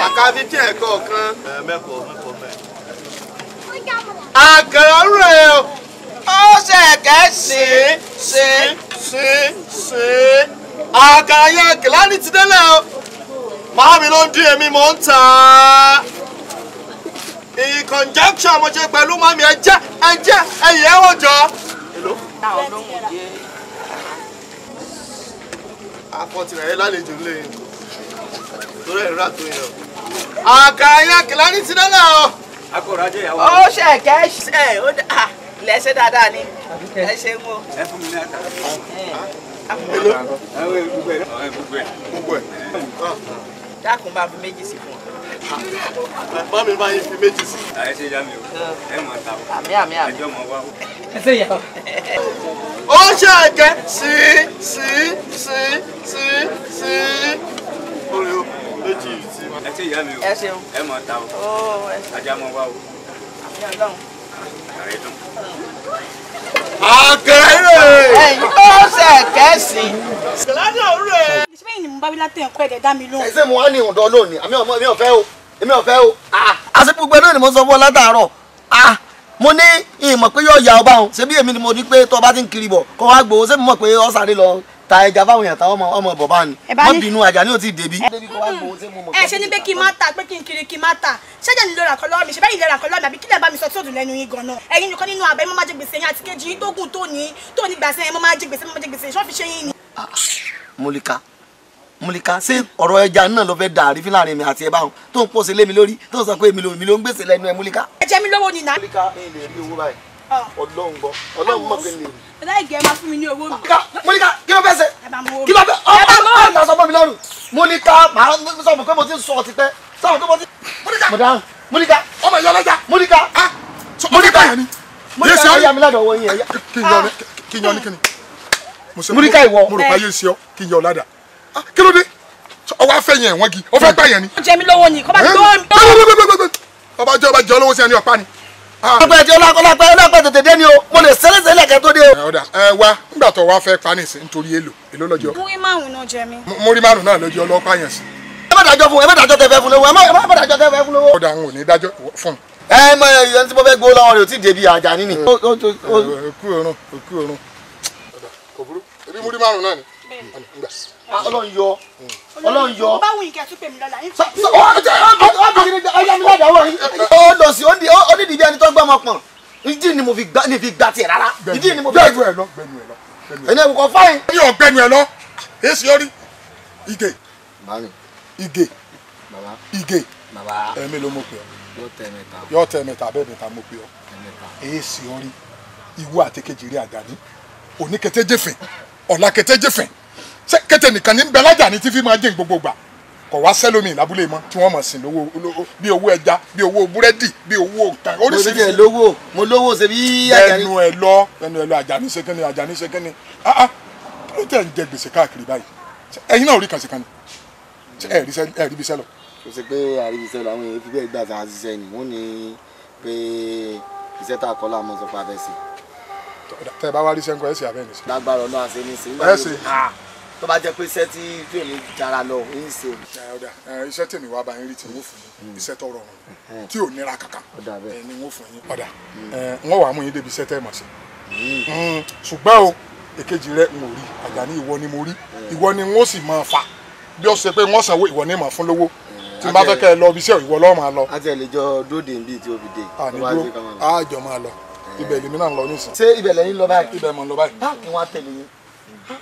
Àkàrà é ẹ̀kọ́ kan. Mẹ́kọ̀ọ́ àkàrà rẹ̀ ó ṣẹ̀kẹ́ sí sí sí sí àkàrà yẹn kìláàdì ti délẹ̀ o màámi ló ń dín èmi mò ń tà á in conjunction mo ṣe pẹ̀lú màmí ẹjẹ́ ẹjẹ́ ẹ̀yẹ́ òjò. àfọ̀tìrẹ̀ yẹn lálejò lè torí ẹ̀rọ àtòyìn náà àkàrà yẹn kìláàdì ti délẹ̀ o akọrọ ajé ìyàwó. ó ṣe kẹ́ ẹ ó dà lẹ́sẹ̀ dáadáa ni ẹ ṣe ń wo. ẹ fún mi ní ata. hello. ẹ wọ gbogbo ẹ gbogbo ẹ gbogbo ẹ. dákun bá fi méjì sí fún ọ. bá mi máa yẹ fi méjì sí. àyè ṣe yá mi o ẹ mọ̀ ta o. àmì àmì àmì. ẹjọ́ mọ̀ wá o. ẹ ṣe yà o. ó ṣe kẹ́ sí sí sí sí sí. orí o méjì sí ẹ ti ìyá mi o ẹ ṣeun ẹ mọ̀ ta o oh, ajá mọ̀ wá o. àkèrè. ẹyin ó ṣe kẹ́sì. sàládà òwúrọ̀. ìṣẹ́yìn ni mo bá wí látẹ̀ ẹ̀kọ́ ẹ̀dẹ̀ dá mi lóhùn. ẹ ṣe mo wá ní ìhùndọ́ lónìí àmì ọmọ mi ò fẹ́ o èmi ò fẹ́ o. Ah, àṣepọ̀ gbẹ́dọ̀ ni mo sọ fún ọ látàárọ̀ ah, mo ní ìmọ̀ pé yóò ya ọba òun ṣebí èmi ni mo ní pé tó o bá ti ń kiri bọ̀ kó wá gbòó ṣé mo mọ̀ pé ọ̀sán ni lọ ta ẹja fáwọn èèyàn táwọn ọmọ bọ̀bá ni wọ́n bínú ajá ní òtí débi. ẹ ṣe ni pé kí n má ta pé kí n kiri kí n má ta ṣẹ́jà ni lóra kan lọ́wọ́ mi ṣe bẹ́ẹ̀ ìlera kan lọ́wọ́ mi àbí kílẹ̀ bá mi sọ tí òdùn lẹ́nu yín gan-an. ẹ̀yin nìkan nínú abẹ́ mo máa jẹ gbèsè yín àti kejì yín tó gùn tó ní tó ní gbàsẹ́ yẹn mo máa jẹ gbèsè mo máa jẹ gbèsè yín ṣọ́ọ̀fì ṣe yín ni. Mulika ah, Mulika ṣé ọ̀rọ̀ ẹja náà ló fẹ́ dà àrífín láàrin mi àti ẹ báwọn tó ń pòṣe lé mi lórí tó ń sọ pé èmi ló ń gbèsè lẹ́nu ẹ Mulika. ẹ jẹ́ mi lówó ni nà. ẹ lè rí owó báyìí ọlọ́run gbọ́ ọlọ́run mọ̀ pé mi ò. ọlá ìgẹ̀ máa fún mi ní owó mi. Monica kí ló fẹ́ ṣe kí ló fẹ́ ọba ọba sọ fún mi lọ́rùn Monica màá sọ fún pé mo ti sọ ọ ti pẹ́ sọ fún pé mo ti. Monica Monica ọmọ ìyá ọlọ́jà Monica Monica Monica ọyà mi ládàá owó yín ẹ̀yà. kí n yọ ní kíni. Monica ìwọ. mo rò pé ayé ń ṣe ọ kí n yọ ọ̀làdà ah, kí ló dé ọwọ́ afẹ́yìn ẹ̀wọ̀n gi ọfẹ́ gbà yẹn ni. ọjọ́ mi lówó ni kọ́ bá gbọ́ mi. ọba jẹ́ ọba jẹ́ olówó sí ẹni ọ̀pá ni. Ah. ọgbẹ́ ti ọlápẹ́ ọlápẹ́ tètè dé ni o mo lè sẹ́lẹ̀ sẹ́lẹ̀ kẹ́ tó dé o. Eh, ọ̀dà ẹ eh, wá nígbà tó wá fẹ́ pa nísìn nítorí èlò èlò lọ́jọ́. múrí márùn náà jẹ mí. múrí márùn náà lọ́jọ́ ọlọ́pàá yẹn sí. ẹ má dájọ́ fún ẹ má dájọ́ tẹ fẹ́ fún lówó ẹ má dájọ́ tẹ fẹ́ fún lówó. ọ̀dà àwọn ò ní dájọ́ fún. ẹ mọ ẹyọ tí mo fẹ́ gbó lọ́wọ́ rẹ̀ ò tí ì ọlọ́run yọ ọlọ́run yọ. báwo ìkẹ́ tún pèmí lọ́la yín. ó lọ sí ó ní ìdíbi ẹni tó gbọ́ ọmọ pọ̀n ìdí ni mo fi gba ni fi gba tiẹ̀ rárá ìdí ni mo fi. gbẹnu ẹ lọ gbẹnu ẹ lọ. ẹni ẹ̀wù kan fáyín. ẹni ò gbẹnu ẹ lọ èsì orí ìgè ìgè ìgè ẹ̀mí ló mọ̀ pé ọ yọ tẹ mẹ́ta bẹ́ẹ̀ mẹ́ta mọ̀ pé ọ èsì orí ìwọ àti kejì rí àgàní oníkẹtẹjẹfẹ ọlákẹtẹjẹfẹ ṣé kété nìkan ní bẹ lájà ní tí fi máa jẹ gbogbo gbà kò wá sẹ́lómi lábúlé mọ́ tí wọ́n mọ̀ sí lówó bí owó ẹja bí owó búrẹ́dì bí owó tán oríṣiríṣi. mo lè lówó mo lówó ṣe bí Àjàní. ẹnu ẹ lọ ẹnu ẹ lọ Àjàní ṣe kínní Àjàní ṣe kínní ah ah ló tẹ̀ ń jẹ gbèsè káàkiri báyìí ẹ̀yin náà rí kàṣíkan ni ẹ rí bisẹ́ lọ. kò sí pé àríbísẹ́ lọ àwọn èèyàn fi bẹ́ẹ̀ gbà tá a ṣiṣẹ́ ni wọ́n ní pé iṣẹ́ tá a kọ́ láàmú sọ pé a fẹ́ ṣe. tẹ bá wá rí sẹ́ńkọ́ ẹ̀ ṣe àbẹ́ tó bá jẹ́ pé iṣẹ́ tí fèmí jara lọ ń ṣe. iṣẹ́ tèmi wá bá yín rí tí n ó fún yín hmm. iṣẹ́ tó rọrùn hmm. tí ò nira kankan ni hmm. n ó fún yín ọ̀dà n ó wàá mú yín débi iṣẹ́ tẹ́ mọ̀ sí. ṣùgbọ́n o èkejì rẹ n ò rí àgbà ní ìwọ ni mo rí ìwọ ni n ó sì máa fà bí ó ṣe pé n ó sanwó ìwọ ni màá fún lówó tí n bá fẹ́ kẹ́ ẹ lọ ibi iṣẹ́ ìwọ lọ́ọ́ máa lọ. a ti jọ dóde níbi tí o fi dé. àníjó àjọ máa lọ ibẹ̀ eh. lèmi náà lọ nísìnyí. ṣé ibẹ̀ lẹ́yìn lọ báyìí. ibẹ̀ mọ̀ lọ báyìí. báàkì wọn tẹ̀lé yín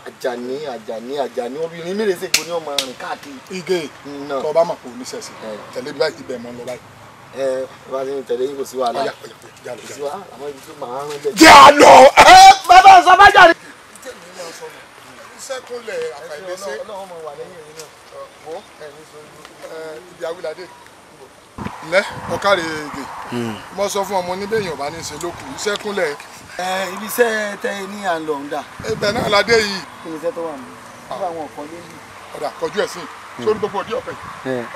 ajani ajani ajani obìnrin mèrè sí ipò ní ọmọ rìn káàkiri. ige tó o bá mọ̀ pé o ní sẹ̀sì tẹ̀lé bí báyìí ibẹ̀ mọ́ lọ báyìí. ẹ bá ti tẹ̀lé yín kò sí wàhálà kò sí wàhálà àmọ́ ibi tó máa ń rìn bẹ́ẹ̀. jẹ́ àlọ́ ẹ bàbá sọ́bàjà ni. sẹ́kúnlẹ̀ àkàìdẹ́sẹ́ ìyàwó ládé lẹ ọkàrẹ ègè hmm. mo sọ fún ọmọ oníbẹ̀ èèyàn bá ní ṣe ló kù iṣẹ́ kúnlẹ̀. ẹ ibi iṣẹ́ tẹ ní à ń lọ ń dà. ibẹ̀ náà la dé yìí. kí ni iṣẹ́ tó wà mí ah. nígbà àwọn ọ̀kọ́ lé yìí. ọ̀dà kọjú ẹ̀ sí i hmm. sórí gbogbo ọdí ọ̀pẹ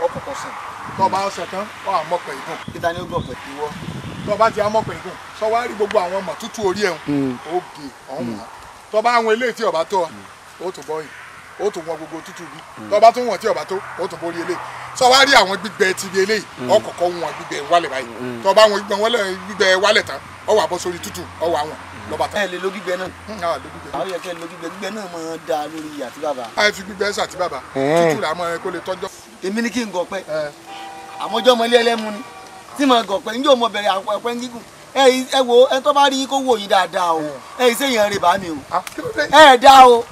ọkọ̀ kọ̀ sàn tó bá ọsẹ tán ọ àmọ́ pẹ̀ ìgùn. kíta ni ó gbọ̀ pẹ̀ ìwọ. tó bá ti àmọ́ pẹ̀ ìgùn sọ wá rí gbogbo àwọn ọmọ tútù orí ẹ̀hún ògè ọ̀hún tó bá àwọn eléyìí tí ọba tó ọ ó tún bọ́ yìí ó tún wọn gbogbo sọ wá rí àwọn gbígbẹ ti di eléyìí mm. ọkọ̀ọ̀kọ̀ wọn gbígbẹ wálẹ̀ báyìí mm. tó bá wọn gbígbẹ wálẹ̀ tán ó wá bọ́ sórí tútù ó wá wọn lọ́ba tán. ẹ lè lo gbígbẹ náà mm, àwọn yẹ kẹ lo gbígbẹ gbígbẹ náà máa da lórí àti bàbá. a fi gbígbẹ sàti bàbá tútù là máa kó lè tọ́jọ́. èmi ni kí n gọ̀pẹ́ àmọ́jọ́ ọmọ ilé ẹlẹ́mu ni tí mo gọ̀pẹ́ njẹ́ òmò bẹ̀rẹ̀ àwọn ẹ̀pẹ́ gígùn ẹ wo ẹ tó bá rí kó wò yín dáadáa o ẹ ìsèyàn rè bá mi o ah, ẹ dá o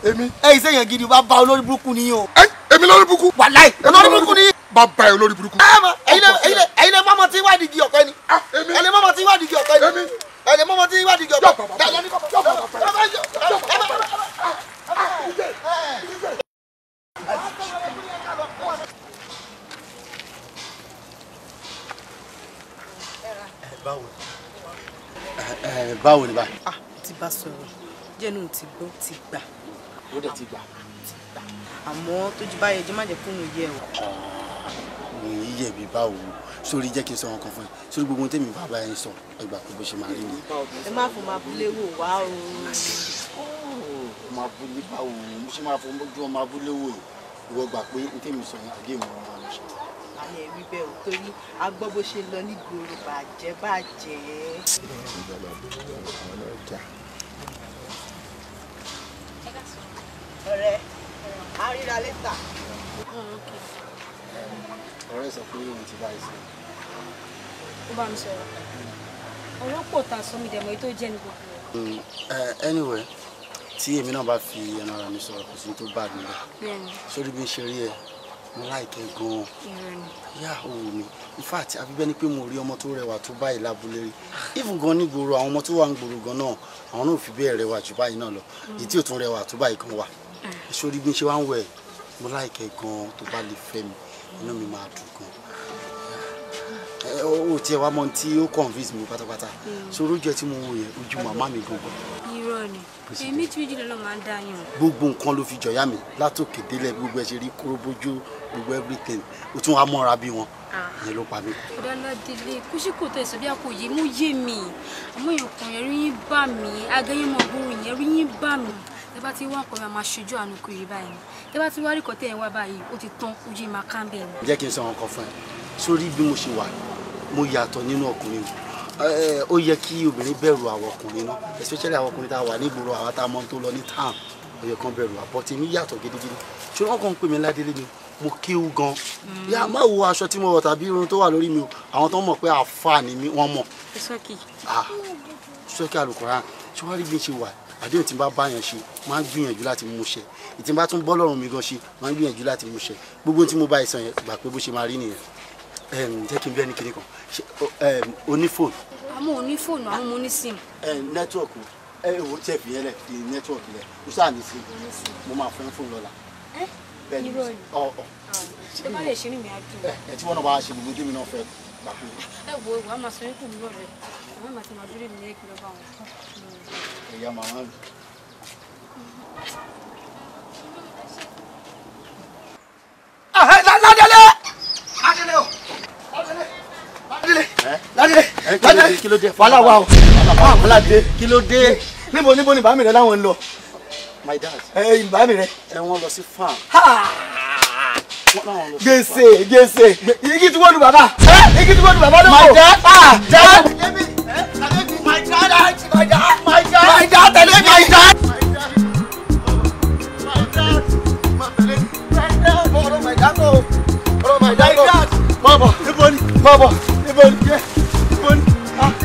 ẹ ìsèyàn gidi bá bá olórí burúkú nìyí o èmi lórí burúkú. wàláì lórí burúkú ni. bàbá ẹ lórí burúkú. ẹ ma ẹyin lè mọ́mọ́ tí wádìí igi ọ̀pẹ ni. ẹyin lè mọ́mọ́ tí wádìí igi ọ̀pẹ ni. ẹyin lè mọ́mọ́ tí wádìí igi ọ̀pẹ ni. báwo ni báwo ni báyìí. ti bá sọ̀rọ̀ jẹ́nu ti gbọ́ ti gbà. ó dẹ̀ ti gbà àmọ́ tójú báyẹn jẹ́ má jẹ́ kóun yẹ o. mo ah, yí yẹ̀bi báwo sórí jẹ́ kí n sọ wọn fún ẹ sórí gbogbo ohun tèmi bàbá yẹn sọ ẹgbà kó bó ṣe máa rí ni. ẹ má fún máa búlé wò wá o. Oh, máa búlé báwo mo ṣe máa fún ojú ọmọ abúlé wò ìwọ gbà pé n tèmi sọ yẹn àgé ìmọ̀ ọmọ mi. àyẹ̀ rí bẹ́ẹ̀ o torí a bó ṣe lọ nígboro bàjẹ́ bàjẹ́. ọ̀rẹ́ a ríra lẹ́tà. Ah, ọ̀rẹ́ sọ pé òun ti bá ẹ sọ. ó bá mi sọ̀rọ̀ ọ̀rọ̀ pọ̀ ta sọ mi dẹ̀mọ́ èyí tó mm, eh, anyway tí èmi náà bá fi ẹnu ara mi sọ̀rọ̀ kò sí tó bad, mi lọ sórí bí n ṣe rí Like mo láìkẹ́ gan-an yá mi in fact abíbẹ́ ni pé mo rí ọmọ to rẹwà tó báyìí lábúlé rí even gan ní gbòòrò àwọn ọmọ to wà ń gbòòrò gan náà àwọn náà ò fi bẹ́ẹ̀ rẹwà jù báyìí náà lọ èyí tí ò tún rẹwà tó kan wà ìṣòrí bí n ṣe wá ń wẹ̀ mo láìkẹ́ gan-an tó bá lè fẹ́ mi inú mi máa dùn gan-an ó tiẹ̀ wá mọ tí ó convince mi pátápátá sórí hmm. oúnjẹ tí mo wò yẹn ojú màmá mi gbogbo. irọ́ ni èmi tí ojú lọ́lọ́ máa ń dá yàn. gbogbo nǹkan ló fi jọ̀yà mi látòkè délẹ̀ gbogbo ẹ̀ ṣe rí kúrò bójú gbogbo everything ó tún wá mọ́ra bí wọn ah. ìyẹn ló pa mí. ọ̀dàládélé kùsìkò tó ẹ̀sọ́ bí a kò yé mú yé mi àmọ́ ìyókùn ẹ̀rí yín bà mí agẹ́yẹ́mọ̀ gbòòrò yẹn rí yín bà mí tẹ bá ti wá nǹkan máa ṣojú àánú kiri báyìí tẹ bá ti wá rí kọtẹ yẹn wá báyìí ó ti tán ojú ìmọ̀ káńbẹ̀ ni. jẹ́ kí n sọ àwọn kan fún ẹ sórí bí mo ṣe wà mo yàtọ̀ nínú ọkùnrin o ó yẹ kí obìnrin bẹ̀rù àwọn ọkùnrin náà especially àwọn ọkùnrin tá a wà nígboro àwọn tá a mọ̀ tó lọ ní town ó yẹ kán bẹ̀rù àbọ̀ tí mi yàtọ̀ gidigidi ṣé wọ́n kàn ń pè mí ládélé mo kíw gan hmm. yà má wo aṣọ tí mo wọ̀ tàbí irun tó wà lórí mi o àdéhùn tí n bá báyàn ṣe máa ń gbìyànjú láti mú ṣẹ ìtì bá tún bọ́lọ́run mi gan ṣe máa ń gbìyànjú láti mú ṣẹ gbogbo tí mo bá ìsàn yẹn gbà pé bó ṣe máa rí nìyẹn jẹ́ kí n bẹ́ẹ̀ ní kinní kan onífóònù. àwọn onífóònù àwọn ọmọ onísìn. nẹ́tíwọ̀kì ẹ ò tẹ̀ fi yẹn lẹ̀ di nẹ́tíwọ̀kì lẹ̀ kó sáà ní sí mo máa fẹ́ fóònù lọ́la. bẹ́ẹ̀ ni ọ̀ ọ̀ ah, ṣé bá lè ṣe Ẹ̀yà màmá mi. Ládélé! Ládélé o! Ládélé! Ládélé! Ládélé! Kí ló dé? Wàhálà wa o! Wàhálà dé! Kí ló dé? Níbo níbo ni bàmí rẹ láwọn ń lọ? My dad. Ẹ bàmí rẹ. Ẹ wọ́n lọ sí farm gbèsè gbèsè igi tí wọ́n lu bàbá igi tí wọ́n lu bàbá lọ́wọ́. my dad ah dad my dad tẹ̀lé my dad. ọ̀rọ̀ my dad náà ọ̀rọ̀ my dad náà má bọ̀ ibo ni má bọ̀ ibo ni jẹ́ ibo ni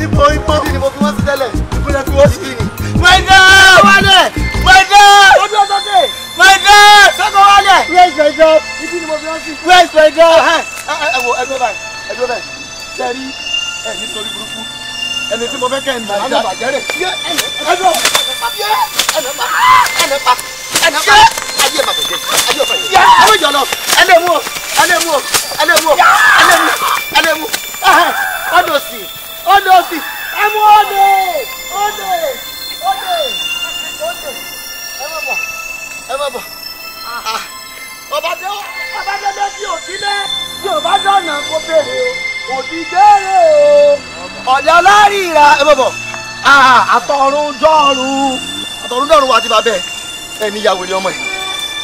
ibo ibo ni mo fi wọ́n sí tẹ́lẹ̀ ibo ni fi wọ́n sí ni. my dad wálé my dad ojú ọjọ́ dé my dad sọ́kọ̀ wálé. where is my job ibi ni mo fi wọ́n sí. where is my job. ẹ wo ẹ dúró báyìí ẹ dúró báyìí ṣe rí ẹ nítorí burúkú ẹni tí mo fẹ́ kẹ́ ẹ̀ nà ánà bàjẹ́ rẹ̀ yé ẹnu yé ẹnu pa ẹnu pa ẹnu pa ayé ma bẹ̀jẹ̀ ayé ma bẹ̀jẹ̀ yé ẹnu jọ̀lọ ẹnu mu ẹnu mu ẹnu mu ẹnu mu ẹnu mu ọdọ sí ọdọ sí ẹmu ọdọ ọdọ ọdọ ọdọ ẹ má bọ̀ ẹ má bọ̀ ah. ah. ọba dé ọba dé dé tí o sílẹ̀ tí o bá dọ̀nà kó béèrè o òdìgbẹ́rẹ́ o ọ̀dà lárìíra ẹ bọ̀ bọ̀ àtọ̀run dọ́rùn àtọ̀run dọ́rùn wa ti bá bẹ́ẹ̀ ẹ níyàwó ni ọmọ yìí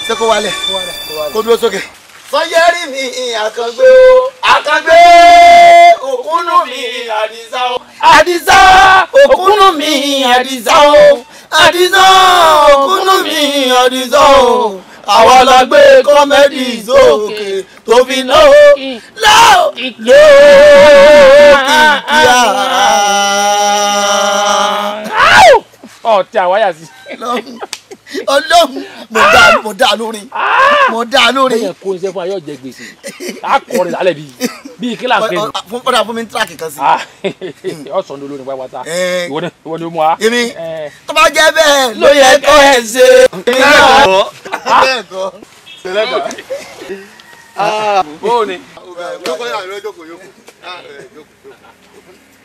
ṣé kó wálẹ̀ kó dúró sókè. sọ́yẹ́rì mi àkàngbé o àkàngbé òkúnnù mi àdìsá o àdìsá òkúnnù mi àdìsá o àdìsá òkúnnù mi àdìsá o àwa la gbé kọ́mẹ́dì sókè tó fi lọ lọ lọ kìkìá. ọ̀tí àwáyà sí ọlọ́run mo dá ah! mo dá lórí ah! mo dá lórí. bẹ́ẹ̀ kó n ṣe fún wa yóò jẹ gbèsè a kọrin lálẹ́ bíi bíi kí là ń pè ní. ó dà fún mi ní tíráàkì kan sí. Ah, <laughs> ọ̀sán ló lórí pàápàá ìwọ ni ó mú wa. èmi eh. tó bá jẹ́ bẹ́ẹ̀ ló yẹ kó ẹ ṣe. bẹ́ẹ̀ kọ́ bó ni. jókòó yàrá ló jókòó yókù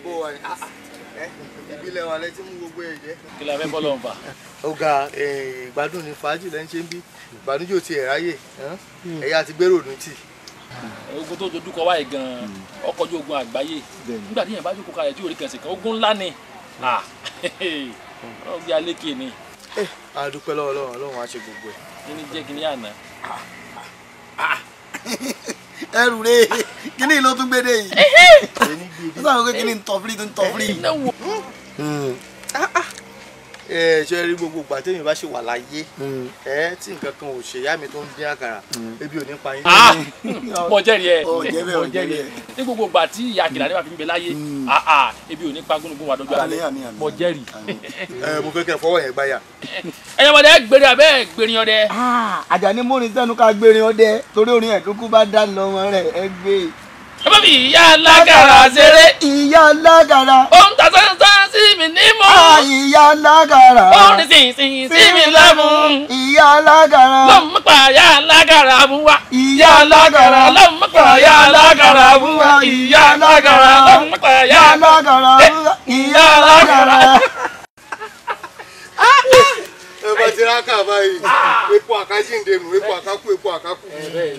bó o wà ní. ìbílẹ̀ wà lẹ́tí mú gbogbo ẹ̀ jẹ́. kí fẹ́ bọ́ lọ́nfà ọ̀gá ìgbádùn ní fàájì lẹ́yìn ṣe ń bí ìbànújò ti ẹ̀ ráyè hmm. ẹ̀yà ti gbèrò ní tì hmm. ogun tó dojúkọ wáyé gan ọkọ̀ hmm. ojú ogun àgbáyé nígbà tí yẹn bá jókòó kalẹ̀ tí orí kẹsì kan ogun ńlá ni ọ̀rọ̀ ah, <laughs> gbé alékè ni. Eh, a dúpẹ́ lọ́wọ́ lọ́wọ́ lọ́wọ́ a ṣe gbogbo ẹ̀. kíní jẹ́ kíní àná. Ah, ah, <laughs> ẹrù rẹ kíní ló tún gbédè yìí eh, eh. ó sàmì pé kíní ń tọ́ fúrí tó ń tọ́ fúrí ẹ ṣe rí gbogbo ìgbà téèyàn bá ṣe wà láyé hmm. ẹ tí nǹkan kan ò ṣe ìyá mi tó ń dín àkàrà hmm. ebi ò ní pa yín. Ah! <laughs> mo jẹ́rìí ẹ oh, mo oh, jẹ́rìí ẹ ní gbogbo ìgbà tí ìyá àgìlá nípa fi ń bẹ láyé hmm. ah, ah, ebi ò ní pa gbóngbó wa dọ́jú alẹ́ mo jẹ́rìí. mo fẹ́ kẹ́ fọwọ́ yẹn gbáyà. <laughs> ẹyẹ wọn gbèrè abẹ gbèrè ọdẹ. àjàní múrin sẹ́nu ká gbèrè ọdẹ torí orin ẹ̀dúnkú bá dá lọ́mọ rẹ̀ ẹ gbé. ẹ sí mi nímú. ìyá alágàrà. orin sínsìn sí mi lẹ́mu. ìyá alágàrà. lọ́mú pa ìyá alágàrà mú wa. ìyá alágàrà. lọ́mú pa ìyá alágàrà mú wa. ìyá alágàrà. lọ́mú pa ìyá alágàrà mú wa. ìyá alágàrà lọ ti rákà báyìí ah! epo àkájíǹde nù epo àkákù epo àkákù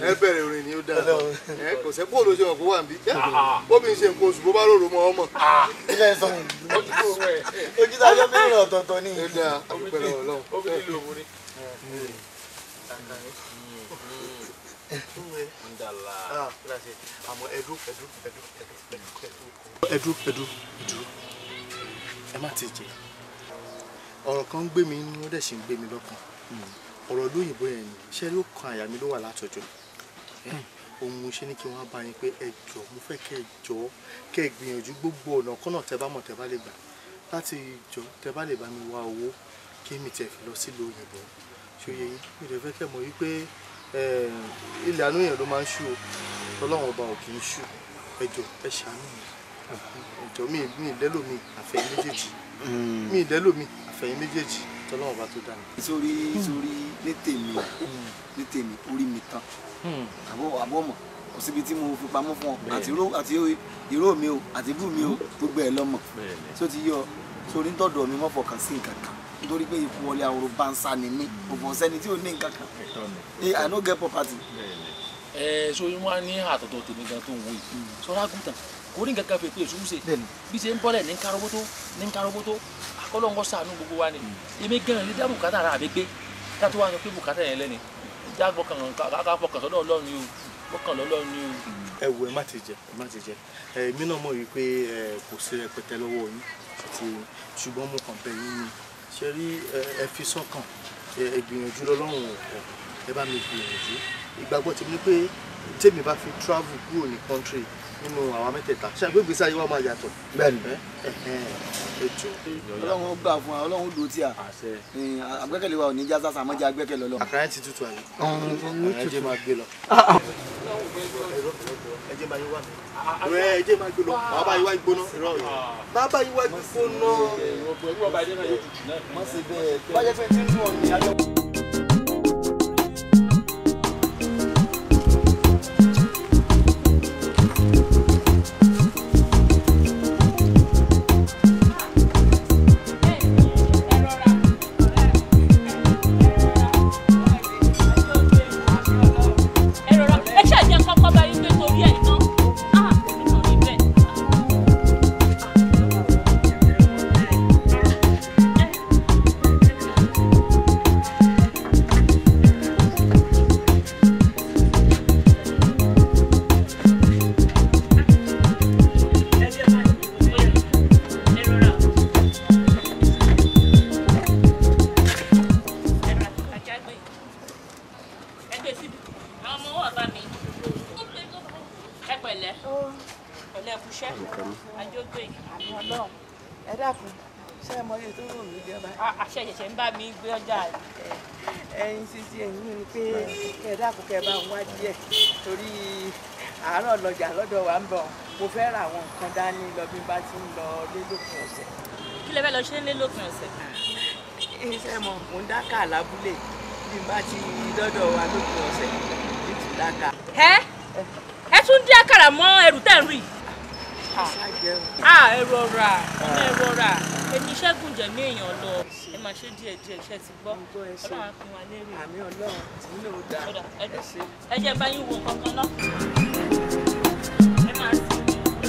ẹ bẹ̀rẹ̀ orin ni ó dára ẹ kò sẹ́ bóòlù ṣe wọn kó wà níbí ah! bóbi ń ṣe nǹkan oṣù bó bá rò rò mọ́ ọmọ. Ah! ilé ẹ̀sán ojú tá a yọ bẹ́ẹ̀ ọ̀tọ̀ọ̀tọ̀ ni. ó dáa àdúgbò lọ́wọ́ lọ́wọ́. ó fi nílò òun ni. àmọ́ ẹ̀dú ẹ̀dú ẹ̀dú ẹ̀dú ẹ̀dú ẹ̀dú ẹ má ti jẹ́ ọ̀rọ̀ kan ń gbé mi inú ó dẹ̀ sì ń gbé mi lọ́kàn ọ̀rọ̀ lóyìnbó yẹn ni ṣé ló kan àyà mi ló wà látọjọ́ ohun mo ṣe ni kí wọ́n bá yín pé ẹ jọ mo fẹ́ kẹ́ ẹ jọ kẹ́ ẹ gbìyànjú gbogbo ọ̀nà kọ́nà tẹ bá mọ̀ tẹ bá lè gbà láti jọ tẹ bá lè bá mi wá owó kí mi tẹ̀ fi lọ sílùú òyìnbó ṣó yẹ yín mi lè fẹ́ kẹ́ mọ̀ wípé eh, ilẹ̀ àánú yẹn ló máa ń ṣú o ọlọ́run ọba ò kì í ṣú ẹ jọ ẹ ṣàánú mi ẹ jọ mi ìlẹ́lòmí àfẹ́ méjèèjì mm. mi ìlẹ́lòmí àfẹ̀yìn méjèèjì tọ́lọ́wọ́n bá tó dá mi. sórí sórí ní tèmi ní tèmi orí mi tán àbọ̀ àbọ̀ mọ̀ kò síbi tí mo fi pamọ́ fún ọ àti ìró àti ìró mi o àti ìbú mi o gbogbo ẹ̀ lọ́mọ̀ tí ó ti yọ sórí tọ̀dọ̀ mi mọ́ fọkàn sí nǹkan kan nítorí pé ipò ọlẹ́ àwòrán bá ń sá ni mí òbọ̀ sẹ́ni tí ò ní nǹkan kan I no get property. ẹ so wọn á ní àtọ̀tọ̀ tèmi gan tó ń wò yìí sọ́ra gùtàn kò ní nǹkan kan fi pé èso ń ṣe bí ṣe ń bọ́lẹ̀ ní ń karobótó ní ń karobótó kọ́lọ́n kó sànú gbogbo wa ni èmi gan-an lè dá bùkátà ara mi gbé ká tó wá sọ pé bùkátà yẹn lẹ́ni jágbọ́ kàn ká fọkàn sọ́dọ̀ ọlọ́run ni o fọkàn lọ́lọ́run ni o. ẹ wo ẹ má ti jẹ ẹ má ti jẹ èmi náà mọ̀ wípé kò sí rẹpẹtẹ lọ́wọ́ yín àti ṣùgbọ́n mo kàn bẹ̀ yín ni ṣe rí ẹ fi sọ́kàn ẹ gbìyànjú lọ́lọ́run ọ̀pọ̀ ẹ bá mi gbìyànjú ìgbàgbọ́ ti pé tèmi bá fi travel kúrò ní country nínú àwa mẹ́tẹ̀ẹ̀ta ṣe àgbègbè sáyé wa máa yàtọ̀. bẹ́ẹ̀ni ètò. ọlọ́run gbà fún wa ọlọ́run dùn tí a àgbẹ́kẹ̀lé wa ò ní já sásà àmọ́ jẹ́ àgbẹ́kẹ̀lé ọlọ́run. àkàrà ti tutù àyè. ẹ jẹ́ máa gbé lọ. Ah, ah. ẹ jẹ́ máa yí wá mi. ẹ jẹ́ máa gbé lọ bàbá bá yí wá gbóná. bàbá yí wá gbóná. má ṣe bẹ́ẹ̀ bá yẹ fẹ́ tí ń sún ọ̀nà ìyájọ́. ọjà lọ́dọ̀ wa ń bọ̀ mo fẹ́ ra àwọn nǹkan dání lọ bí n bá ti ń lọ lélòpin ọ̀sẹ̀. kí lè fẹ́ lọ ṣe lélòpin ọ̀sẹ̀. iṣẹ́ mọ̀ mò ń dákà lábúlé bí n bá ti lọ́dọ̀ wa lópin ọ̀sẹ̀ ní ti dákà. ẹ ẹ tún dín àkàrà mọ́ ẹrù tẹ̀ ń rì. ẹrù ọ̀rà ọmọ ẹrù ọ̀rà èmi ṣẹ́gun jẹ̀mí èèyàn lọ ẹ máa ṣe díẹ̀ díẹ̀ iṣẹ́ ti gbọ́ ọlọ́run á fi wá lérè. àmì ọlọ́run tí ń lò ẹ ṣe. ẹ jẹ́ báyìí wo kankan náà.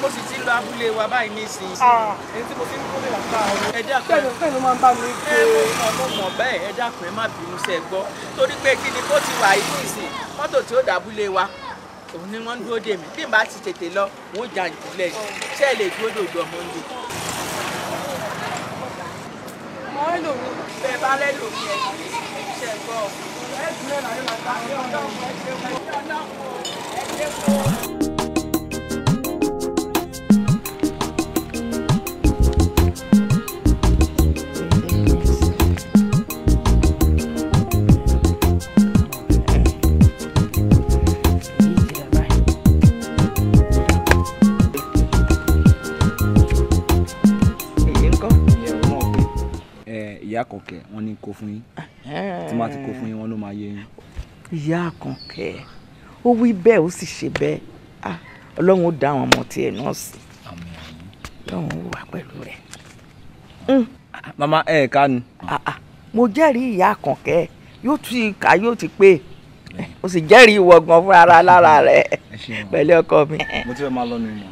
mo sì ti lọ abúlé wa báyìí ní ìsinsìnyí èyí tí mo fi ń kó lè wà ẹ dákun ẹ ló máa ń bá mi pé ẹ mo mọ̀ bẹ́ẹ̀ ẹ dákun ẹ má bínú sí ẹ gbọ́ torí pé kí ni bó ti wà yìí ní ìsìn mọ́tò tí ó dàbúlé wa òun ni wọ́n ń dúró dè mí bí n bá ti tètè lọ wọn ò jà ìjùlẹ̀ ṣé ẹ lè dúró dòdò ọmọ oúnjẹ. mọ ẹ ìyá àkànkẹ́ wọn ní kó fún yín tí má ti kó fún yín wọn ló máa yé yín. ìyá àkànkẹ́ ó wí bẹ́ẹ̀ ó sì ṣe bẹ́ẹ̀ ọlọ́run ó dá àwọn ọmọ tiẹ̀ náà sí ọlọ́run ó wà pẹ̀lú rẹ̀. mama ẹ ẹ kánu. mo jẹ́rìí ìyá àkànkẹ́ yóò tún ìka yóò ti pé o sì jẹ́rìí ìwọ gan fúnra lára rẹ̀ pẹ̀lú ọkọ mi. mo ti fẹ́ máa lọ nínú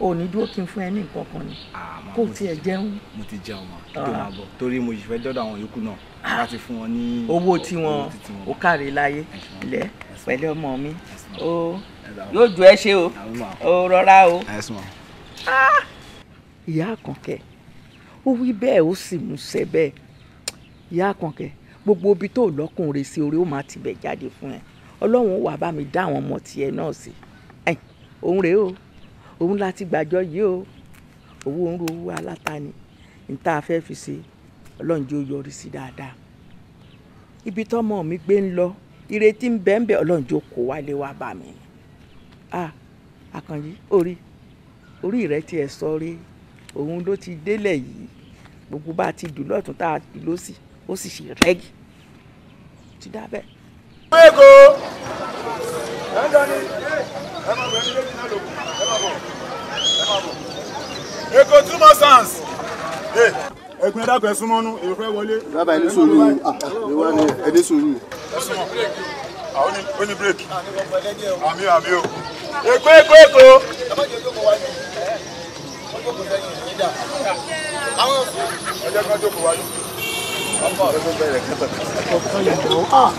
o ò ní dúró kí n fún ẹ ní nǹkan kan ni ah, kò tiẹ̀ jẹun. mo ti jẹun mọ kí tó ah. máa bọ torí mo sì fẹ́ dọ́dọ̀ àwọn yòókù náà ah. láti fún wọn ní. owó tí wọn ò káre láyé lẹ pẹ̀lú ọmọ mi o yóò ju ẹ ṣe o o rọra o. ìyá àkànkẹ́ ó wí bẹ́ẹ̀ ó sì mú ṣẹ bẹ́ẹ̀ ìyá àkànkẹ́ gbogbo ibi tó lọ́kùnrin sí orí ó máa tibẹ̀ jáde fún ẹ ọlọ́run wàá bá mi dá àwọn ọmọ tiẹ̀ náà sí òun rèé o òun láti gbàjọ yìí o owó ń ro owó alátani ní tá a fẹ́ fi ṣe ọlọ́run jẹ́ ó yọrí sí dáadáa ibi tọ́mọ mi gbé ń lọ ìrètí ń bẹ́ẹ̀ ń bẹ́ẹ̀ ọlọ́run ó kó wálé wá bá mi a àkànjí orí orí rẹ ti ẹ̀ sọ rí òun ló ti délẹ̀ yìí gbogbo bá a ti dùn lọ́tún tá a dùn lọ́sì ó sì ṣe rẹ́gì ti dábẹ́. Èkó two more sons. Ẹ̀gbìn ẹ̀dá pẹ̀ súnmọ́ nú, wole. fẹ́ ni suru. ẹni sùúrù ìwọ ni ẹni sùúrù. Àwọn oní bírèkì. Àmì àmì o. Èkó Èkó Èkó. Ọjọ́ kan jókòó wájú. Ọjọ́ kan jókòó wájú.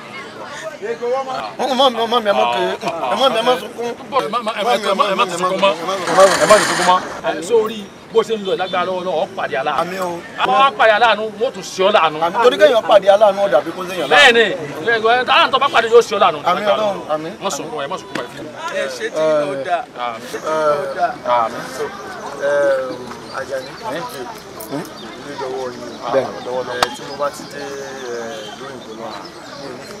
mọ mi ẹmọ kẹ ẹmọ mi ẹmọ sunkún. ẹmọ ti sunkún mọ ẹmọ ti sunkún mọ eh, sórí bó ṣe ń lọ ìlágbára lọ́wọ́ lọ́wọ́ pàdé aláàánú. àwọn wa pàdé aláàánú wọ́n tún ṣe ọ́ láàánú. torí kéèyàn pàdé aláàánú ọ̀dà bí kò séèyàn láàánú. bẹ́ẹ̀ni aláàánú tó bá pàdé yóò ṣe ọ́ láàánú. àmín Ọlọ́run àmín. mọ sunkún ẹ mọ sunkún ẹ. ẹ ṣe tí kò eh, dà. Eh, Àjàní hmm? ilé dọwọ yìí lọ́wọ́lọ́wọ́ tí mo bá ti dé lóyìnbó lọ́wọ́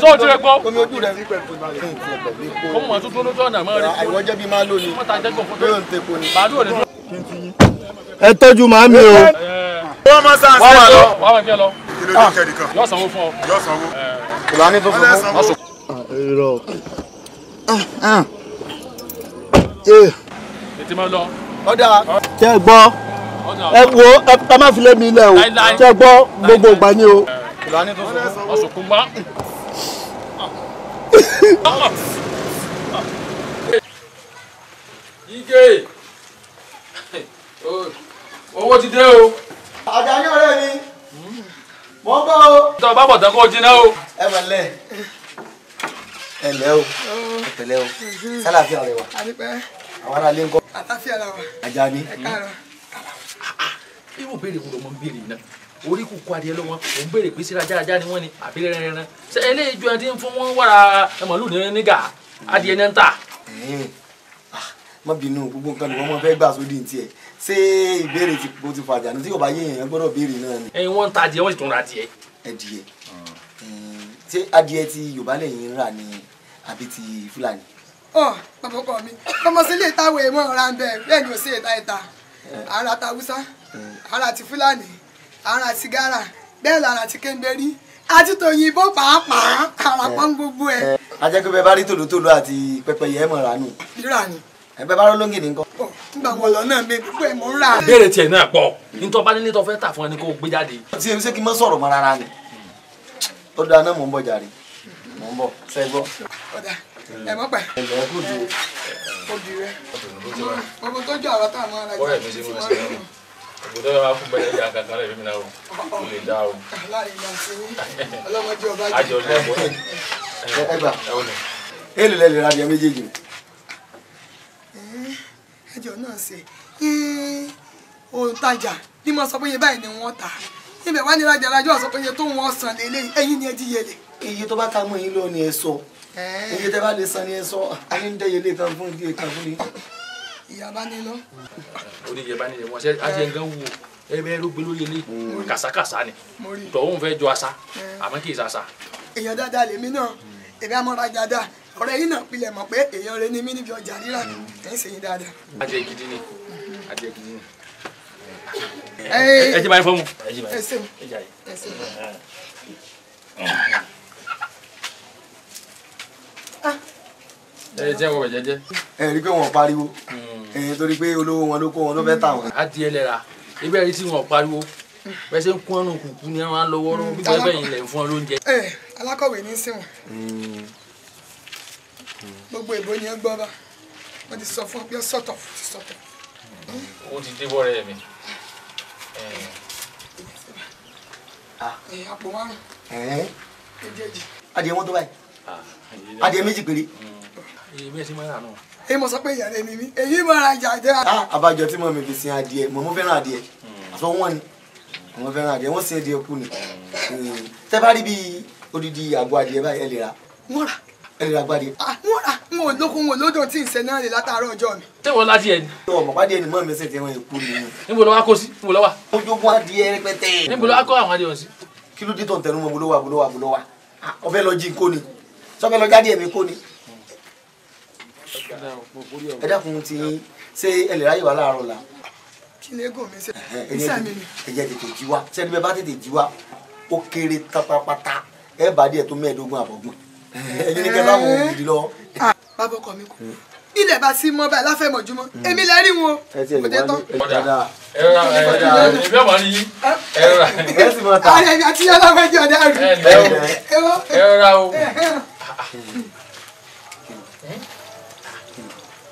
tó o ti rẹ gbọ́. omi ojú rẹ fún ìpò. ó mọ̀ tó dúró lójú ọ̀nà mọ́ rí. àìwọ́ jẹ́ bí máa lò ní. mọ́ta jẹ́ gbọ̀n fún tó. yóò ń teko ni. bàálù òde dúró. ẹ tọ́jú màámi o. wọ́n máa sá àṣẹ lọ. wàá máa fi ẹ lọ. kí ló dé ah, kẹ́ẹ̀dì kan. yóò sanwó fún ọ. yóò sanwó. ìlànà tó fún ah, ah, eh. ètí máa lọ. ọ̀dà tẹ gbọ́ ẹ wo ẹ má fi lé mi lẹ o tẹ gbọ́ gbogbo ìgbà ni o. ìlànà tó fún ọ. ọ̀sùnkún bá ike owó ti dé o. àjàyàn ọ̀rẹ́ mi mọ̀ ń bọ̀ o. tọ́ bá bọ̀ tán kó o jiná o. ẹ mọ̀ lẹ́ ẹ lẹ́ o ẹ pẹ̀lẹ́ o sálàáfíà rẹ wa àwọn aráalé ń kọ́. àtàfíà la wa. Àjàní. ẹ káàárọ̀. irú ìbéèrè wo ló mọ ń béèrè náà orí kùkù adìẹ ló wọn òun béèrè pé síra jájá ni wọn ni àbí rẹrẹrẹ ṣe eléyìí ju ẹni fún wọn wàrà màlúù ní nígà adìẹ ní ń tà. Ah, má bínú gbogbo nǹkan ni wọn máa fẹ́ gbà sódì tiẹ̀ ṣé ìbéèrè tí kò ti fàjà ní tí yóò bá yé èèyàn gbọ́dọ̀ béèrè náà ni. ẹyin wọn ń ta adìẹ wọn sì tún ra adìẹ. adìẹ ṣé adìẹ ti Yorùbá lẹ́yìn rà ni àbí ti Fúlàní. ọ bàbá ọkọ mi ọmọ sí ilé ìtawé mọ́ ọ̀rá ń bẹ̀ bẹ́ẹ̀ ni ò sí ìta ìta àrà àti gàrà bẹ́ẹ̀ làrà àti kéńdérí àti tòyìnbó pàápàá àràpọ̀ ń gbogbo ẹ̀. ajẹ́kọ̀ bẹ́ẹ̀ bá rí tòlótòló àti pẹ́pẹ́yẹ ẹ̀ mọ̀ rà nù. rírà ni. ẹ̀bẹ̀ bá rọ́lóńgì ní nǹkan. nígbà wọ̀ lọ́nà mi gbogbo ẹ̀ mọ̀ rà. béèrè tiẹ̀ náà pọ̀ nítorí bá nílé tó fẹ́ tà fún ẹni kó gbé jáde. ṣé ṣé kí n má sọ̀rọ̀ mọ́ rárá ni ó dáa náà mò ń bọ̀ jàre mò ń bọ̀ sẹ́gbọ́. ọ̀dà ẹ mọ̀ pẹ̀ òbòdó yà wà fún bẹ́ẹ̀ yà kankan lẹ́yìn náà o kò lè dá o. ọlọ́mọdé ọba jẹ. àjọ ní ẹ̀bọ ní. ẹgbà èlò lẹ́lẹ̀ ra adìyẹ méjèèjì. ẹjọ náà ṣe òǹtajà bí mo sọ pé iye báyìí ni wọ́n ta ibẹ̀ wá ní rajà rajọ́ sọ pé iye tó wọ́n san lélẹ́yìn ẹ̀yìn ni ẹ ti yẹlẹ̀. iye tó bá ka mọ́ yín lọ ẹ sọ iye tẹ́ bá lè san ni ẹ sọ a ní ń dẹ́yẹlé kan fún ìdí ẹ̀ kan fún yín ìyàbá ni lọ. orí ìyàbá ni wọn ṣe àṣẹ nǹkan wò ẹbẹ ló gbé lórí ilé mm. kàṣákàṣá ni tọ̀hún fẹ́ jọ àṣà eh. àmọ́ kì í ṣàṣà. èèyàn dáadáa lèmi náà èmi amọ́ra dáadáa ọ̀rẹ́ yìí náà pilẹ̀ mọ̀ pé èèyàn rẹ ni mí níbi ọjà rírà mm. kì í dáadáa. ajẹ gidi ni ajẹ gidi ni. Eh. ẹ jẹ́ báyìí fọ́ọ̀mù. ẹ ṣeun ẹ ṣeun. Eh. ah ẹ jẹ́ wọ̀ jẹ́jẹ́. ẹ rí i pé wọn pariwo hmm. ẹ torí pé olówó wọn ló kó wọn ló fẹ́ tà wọn. a di ẹlẹ́ra ibẹ̀ rí tí wọn pariwo bẹ́ẹ̀ ṣe ń kún ọ̀nà kùkú ni wọ́n á lọ wọ́rọ́ bí bẹ́ẹ̀ bẹ́ẹ̀ ilẹ̀ ń fún ọ lóúnjẹ. ẹ alákọ̀wé ní sí wọn gbogbo ìbò ni ẹ gbọ́ bá wọ́n ti sọ fún ọ pé sọ̀tọ̀ ti sọ̀tọ̀. ó ti dé bọ́rẹ̀ mi. Ah. àpò márùn-ún adìẹ wọn tó báyìí ah, adìẹ méjì péré. Hmm èyí mo sọ pé ìyàrá ẹni mi èyí mo ra ìjà jẹ. àbájọ ah, tí mo mi fi sin adìẹ mo mo fẹ́ràn adìẹ hmm. àfọ wọn ni mo fẹ́ràn adìẹ wọ́n sin adìẹ kú ni hmm. tẹ́ bá rí bí odidi àgbo adìẹ báyìí ẹ lè ra. wọ́n rà ẹ̀rẹ̀ agbáde. Ah, wọ́n rà n ò lókun n ò lódò tí ìṣẹ́ náà lè látàárọ̀ ọjọ́ mi. tẹ́wọ̀ láti ẹ̀ ni. tẹ́wọ̀ mọ̀ pàdé ẹni mọ́ mi sì ti wọn èkú ni. níbo ló wá kó sí níbo ló wà. mo jogún adìẹ rẹpẹtẹ. níbo ló wá kó àwọn adìẹ wọn sí. kí ló dé tó ń tẹnu mọ́ bolówà bolówà bolówà ọbẹ̀ ah, lọ jí nkó ni sọfẹ̀ lọ jáde ẹ̀mí kó ni ẹ dákun ti ṣe ẹ lè ráyè wá láàárọ̀ la. kí ni ego mi ṣe É mi ni. ẹ jẹ́ tètè jí wa sẹ́ni bẹ́ẹ̀ bá tètè jí wa ó kéré pátápátá ẹ bá díẹ̀ tó mẹ́ẹ̀ẹ́dógún àbọ̀gbọ̀n ẹ̀yin ní kẹta àwọn òbí lọ. Ah, bàbá ọkọ mi kú ilẹ̀ bá sí mọ́ báyìí láfẹ̀mọ̀júmọ́ hmm. èmi lẹ rí wọn kò dé tán. ẹ̀rọ ìbí ọ̀wá ni yín ẹ̀rọ ààrẹ àti yàrá wẹ́jọ́ dáa rí. ẹ̀rọ o.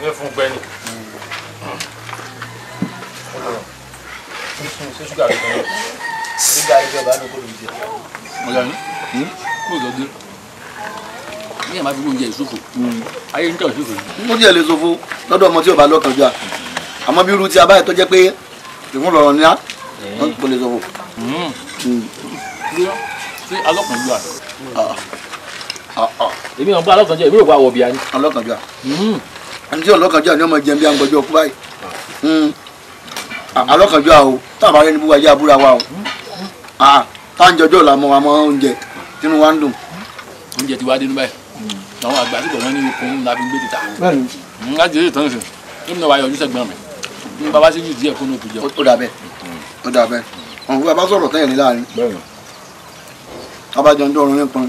ìyẹn fún gbẹ́ni. ni hmm? kó o lọ dé lọ́dọ̀ ọmọ tí ò bá lọ́kàn jọ àmọ́ bí irú ti abáyé tó jẹ́ pé ìfún lọ̀rọ̀ ni á wọ́n hmm. kò lè ṣòfò. Hmm. ṣé alọ́kànjọ ah, ah. ah, à? èmi ò ń bá alọ́kànjọ èmi ò bá wọ̀ bíi ani. alọ́kànjọ à ẹni tí ọlọ́kànjọ́ àni ọmọ jẹun bí àǹgbọ̀jọ́ ọkú báyìí hmm. alọ́kànjọ́ àwò táàbà rẹ ní búwa jẹ́ àbúrò àwa o táǹjọ́jọ́ là mọ́ wa mọ́ oúnjẹ tínú wa ń dùn. oúnjẹ ti wá dé níbẹ̀ àwọn àgbà tí bọ̀dọ̀ ní okun la fi gbé títà hmm, láti eré ìtọ́nù sùn kí ni wàá yọjú sẹ́gbọ́n mi ní bàbá sí jù díẹ̀ kó ní òkú jẹ. ó dà bẹ́ẹ̀ ó dà bẹ́ẹ̀ ọ̀hún fún bàbá sọ̀rọ̀ tẹ́yìn ní láàrin abájọ ń dọ̀rùn ní pọn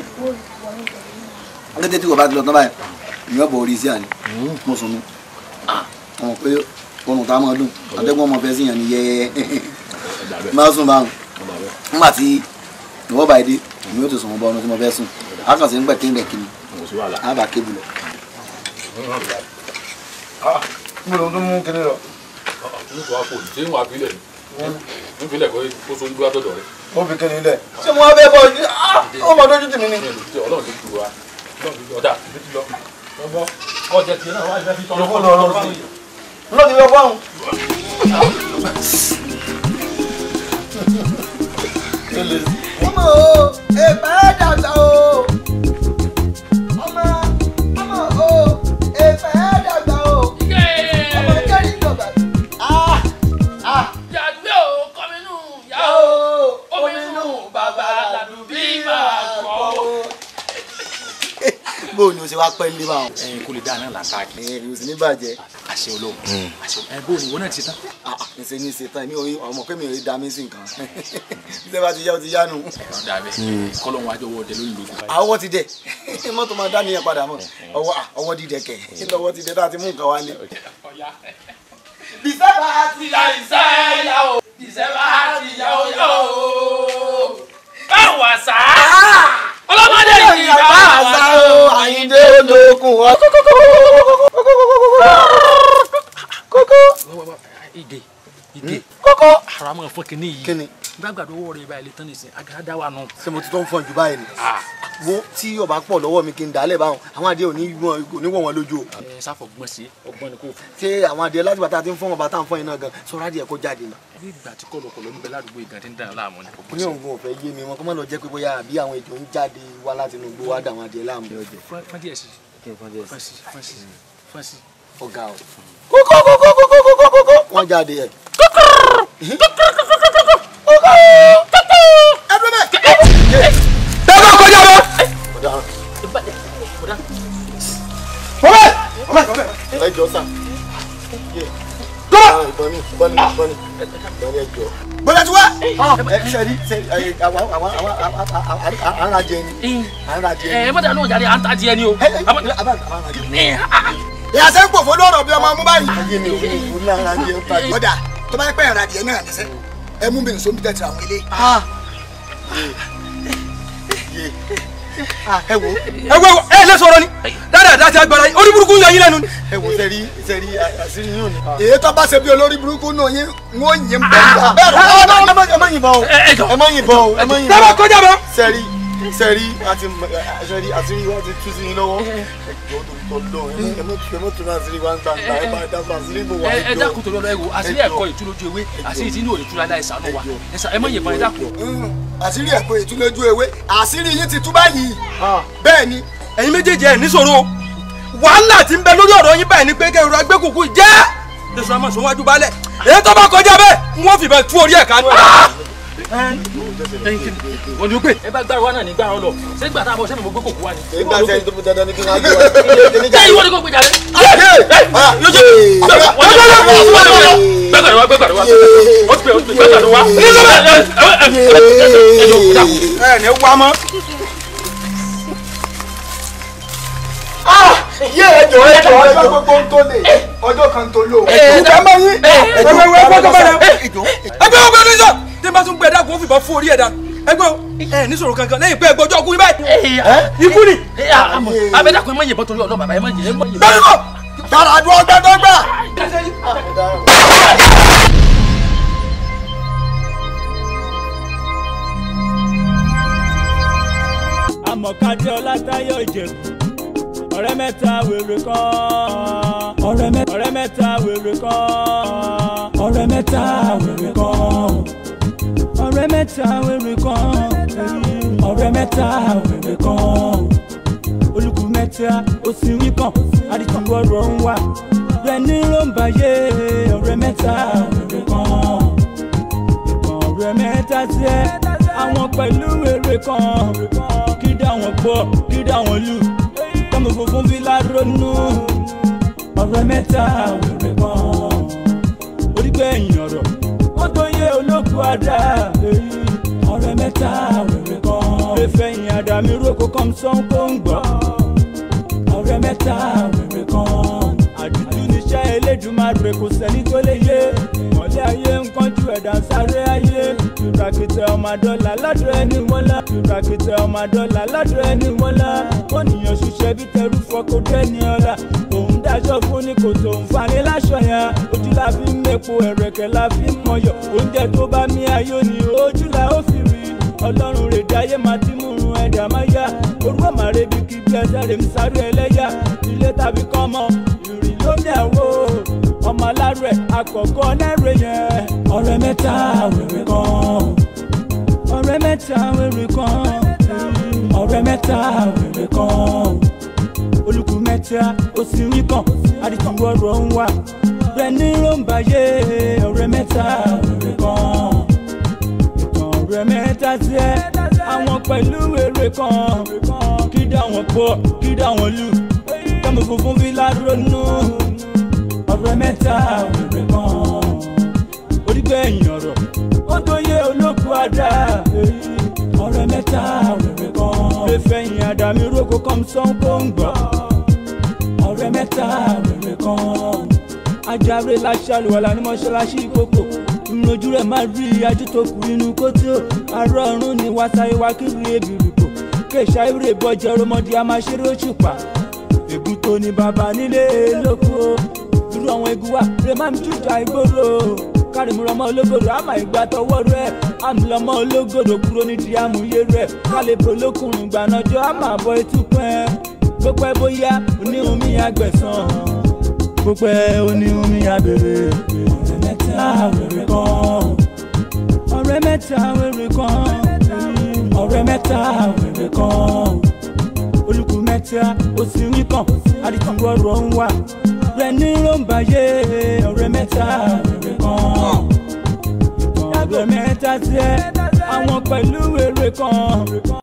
ìyọ́ bọ̀ orí sí àní hmm. mo sùn ah. mí ọmọ pé oorun tá a máa dùn àtẹ́gbọ́n ọmọ fẹ́ sí yàn ní yẹ́ẹ́ máa sùn báwọn nígbà tí ìwọ́ bá dé èmi yóò ti sùn bọ́ ọ̀run tí mo fẹ́ sùn a kàn sí ń gbẹ̀kí gbẹ̀kí ni a bá kébù lọ. Ah, mo lọ tún mú kíní lọ. ọ̀hún tó wá kò tí ń wá bílẹ̀ ń bílẹ̀ kó kó tó ń gbé àtọ̀dọ̀ rẹ̀. ó fi kíní lẹ̀ ṣé mo wá bẹ́ẹ̀ bọ̀ ọ́ ọmọdé ah, ojú tì mí ni. ọlọ́run ló ju wa ọlọ́run ló tu ọ̀dà ló ti lọ lọ́ọ̀dì bẹ́ẹ̀ wáhùn. ọmọ o èèpẹ̀ dàgbà o. bóun ni o ṣe wá pẹ́ nílé báwọn. ẹ kò lè dáná là káàkiri. ẹ kò sí ní bàjẹ́. àṣẹ olóhùn mm. ẹ bóun ni ìwọ náà ti ṣe tán. ǹṣe ah, ah, ni ṣe tán mi ò ọmọ pé mi ò sí nǹkan ṣé <laughs> bá ti yá o ti yá nù. ẹ ọ̀dà kọ́lọ́hún wájú ọwọ́ ọdẹ lónìí lóko. àwọ̀ ah, ti dẹ̀ <laughs> mọ́tò máa dá nìyẹn padà mọ́ mm, mm. ọwọ́ dídẹ kẹ̀ ọwọ́ ti dẹ̀ tá mú nǹkan wálé. dìsẹ́bà á ti yá ìsẹ́ yá o dìsẹ́bà á ti yá o yá o. wá. kókó. ìdè ìdè. kókó. ara máa fọ́ kínní yìí. kínní. gbàgbàdo owó rẹ̀ báyìí lè tán nìsín agara dá wà nù. ṣé mo ti tó ń fọn jù báyìí ni. wo tí ọba pọ̀ lọ́wọ́ mi kí n dálẹ̀ báwọn àwọn adìẹ ò ní wọ̀ wọn lójú o. ẹ sáfọ̀ gbọ́n sí ọgbọ́n ni kò fún. ṣé àwọn adìẹ láti bàtà ti ń fọ́n ọba tá à ń fọ́n yìí náà gan sọ́ra adìẹ kó jáde ni. bí ìgbà tí kọ̀lọ̀kọ̀lọ̀ ń bẹ ládùúgbò ìgbà tí ń dà láàmú ni. ní òun ò fẹ́ yé mi wọn kọ́ mọ́ lọ jẹ́ pé bóyá àbí àwọn ètò ń jáde wá látinú gbówádà àwọn adìẹ láàmú ọ̀gá o. kókó kókó kókó kókó kókó. wọ́n jáde ẹ̀. kókó kókó kókó. ẹ̀rọ bẹ́ẹ̀. dábàá kọjá lọ. bọ́lá bọ́lá. ẹ jọ sá kọ́. ìbọn mi ìbọn mi ìbọn mi ìbọn mi ẹ jọ. bọ́lá ti wá. sẹ́ni sẹ́ni àwọn àwọn àwọn ará jẹ ni. ará jẹ ni. ẹ mọ̀tà ló ń jáde à ń ta jẹ ni o. ìyá sẹ́ ń pòfó lọ́rọ̀ bí ọmọ mú báyìí. ayé mi ò mú un náà jẹ ń pàdé. ọ̀dà tó bá pẹ́ ara jẹ náà lẹ́sẹ̀ ẹ mú mi nìṣó mi tẹ̀ tẹ̀ àwọn ilé ẹ wo ẹ wo ẹ lè sọ̀rọ̀ ni dáadáa dáa ti agbára yín orí burúkú yọ yín lẹ́nu ẹ wo sẹ́rí sẹ́rí àṣírí yín ò ní. Ah. èyí tó bá ṣe bí olórí burúkú náà yín ń ó yín ah. bẹ́ẹ̀ bá. Ah. ẹ má yìnbọn o ẹ má yìnbọn o ẹ má yìnbọn o. dábàá kọjá bọ́. sẹ́rí sẹ́rí àti àṣírí wa ti tú sí yín lọ́wọ́. Eh, eh tọlọ ẹ mọ ẹ mọ tún náà sírí wá ń gbà ńlá ẹ bá dá bá sírí bò wá ẹjọ ẹ dákun tọlọ ẹ wò àṣírí ẹ̀kọ́ ni. ẹ̀yin méjèèjì ẹ níṣòro wàhálà ti ń bẹ lórí ọ̀rọ̀ yín báyìí ni pé kẹrù agbẹ́kùkù jẹ́ tẹ̀sán àmọ́ sọ wájú balẹ̀ èyí tó bá kọjá bẹ́ẹ̀ wọ́n fìbẹ̀ tú orí ẹ̀ ká ní wọ́n ni ó pè. ẹ bá gbàrú wa náà ní gbàrú lọ ṣé gbà tá a bọ̀ sẹ́nu mo gbé kòkó wa ni. èyí gbà sẹ́ni tó mú dandan ní kí n á gbé wa. ṣé ìwọ ni kò gbèjà rẹ. gbẹgbẹrẹ wa gbẹgbẹrẹ wa o ti pè o ti pè gbẹgbẹrẹ wa. ẹ ní wá mọ́. yé ẹjọ ẹjọ ẹjọ gbogbo ń tó lè ọjọ́ kan tó lò. ẹjọ ẹ máa yín ẹjọ ẹgbẹ́ wo ẹgbẹ́ tó bá yẹ. ẹgbẹ́ wo ẹgbẹ́ tó bá yẹ tí bá tún gbẹ dákun ó fìbọn fún orí ẹ̀ dànù ẹgbẹ́ o ẹ ní kankan lẹ́yìn pé ẹ gbọ́jọ́ ọkùnrin báyìí eh, eh, ah, eh, ikú ni. Ah, abẹ́dàkùn ẹ má yìnbọn torí ọlọ́ bàbá ẹ má yìnbọn. bẹ́ẹ̀ bọ̀ tààrà àdúrà ọgbẹ́dọ́gbà. àmọ̀kájọ látayọ̀ ìjẹ̀bù ọ̀rẹ́ mẹ́ta wèrè kan. ọ̀rẹ́ mẹ́ta wèrè kan. ọ̀rẹ́ mẹ́ta wèrè kan ọ̀rẹ́ mẹ́ta wèrè kan ọ̀rẹ́ mẹ́ta wèrè kan olùkù mẹ́ta òsì wí kan àdìtú ọ̀rọ̀ ń wà rẹ̀ ní ló ń bàyè ọ̀rẹ́ mẹ́ta wèrè kan ọ̀rẹ́ mẹ́ta tiẹ̀ àwọn pẹ̀lú wèrè kan kí dá wọn gbọ́ kí dá wọn lù tọ́mọ funfun fi láronú ọ̀rẹ́ mẹ́ta wèrè kan orí gbẹ̀yìn ọ̀rọ̀ ó gbóyè olóko àdá ọ̀rẹ́ mẹ́ta wèrè kan. fẹ́fẹ́ yin àdàmì roko kan sọ́n kó ń gbọ́ ọ̀rẹ́ mẹ́ta wèrè kan. àdúdú níṣẹ́ Elédùmarè kò sẹ́ni tó lè yé mọ̀lẹ́ ayé ń kánjú ẹ̀dá sáré ayé ìràkìtẹ̀ ọmọdọ́là lọ́dọ̀ ẹni wọ́lá ìràkìtẹ̀ ọmọdọ́là lọ́dọ̀ ẹni wọ́lá ó nìyàn ṣiṣẹ́ bí tẹrú fọkọ dẹ́ni ọlá ó ń daṣọ fún ní kòtò ń fani láṣọ yẹn ojú la fi ń mẹ́po ẹ̀rẹ̀kẹ́ la fi ń mọyọ̀ oúnjẹ tó bá mi ayọ̀ ni ojú la ó fi rí ọlọ́run rè dáyé máa ti múrun ẹ̀dá máa yá orúkọ màrè bí kí bí ẹsẹ̀ rè ń sáré ẹlẹ́yà ilé tàbí kọ́mọ ìrìn ló ní àwo ọmọ alárẹ̀ àkọ́kọ́ lẹ́rẹ̀ yẹn. ọ̀rẹ́ mẹ́ta wèrè kan ọ̀rẹ́ mẹ́ta wèrè kan ọ̀rẹ́ mẹ́ta wèrè kan olùkù mẹ́ta òsì rí kan àdìtú ọ̀rọ̀ ń wà rẹ̀ ní ròǹbàyé ọ̀rẹ́ mẹ́ta ọ̀rẹ́ kan ọ̀rẹ́ mẹ́ta tiẹ̀ àwọn pẹ̀lú èrè kan kí dá wọn pọ̀ kí dá wọn lù kẹ́mi funfun fi ládùrónú ọ̀rẹ́ mẹ́ta ọ̀rẹ́ kan orí gbẹ̀yìn ọ̀rọ̀ ó tó yé olókùú àdá. ọ̀kadà mi rogo kọ́msán gbòǹgbò. ọ̀rẹ́ mẹ́ta rere kan ajáre láṣàlùwàlà ní mọ́ṣáláṣí ìkókò ìrìnàjò rẹ̀ máa rí ajú tó kù inú kótó àárọ̀ ọ̀run ni wàsáyé wa kiri ebìrìkò kéṣà ìrè bọ́jẹ́ ọmọdé a máa ṣeré òṣùpá ègún tó ní bàbá nílé lóko irú àwọn egun rẹ̀ máa ń jújà ìgboro kárìmúrọmọ ológodò àmà ìgbà tọwọ́ rẹ̀ àmìlọmọ ológodò kúrò nídìí àmúyé rẹ̀ kálíbò olókùnrin gbànàjọ àmà àbọ̀ ìtúpẹ́ gbogbo ẹ bóyá oníhun mi àgbẹ̀sán gbogbo ẹ oníhun mi àbèrè ọ̀rẹ́ mẹ́ta wèrè kan ọ̀rẹ́ mẹ́ta wèrè kan ọ̀rẹ́ mẹ́ta wèrè kan olùkù mẹ́ta òsì rí àdìtú ọ̀rọ̀ ń wà ọ̀rẹ́ ní ròǹbáyé ọ̀rẹ́ mẹ́ta rere kan ọ̀rẹ́ mẹ́ta tiẹ̀ àwọn pẹ̀lú èrè kan.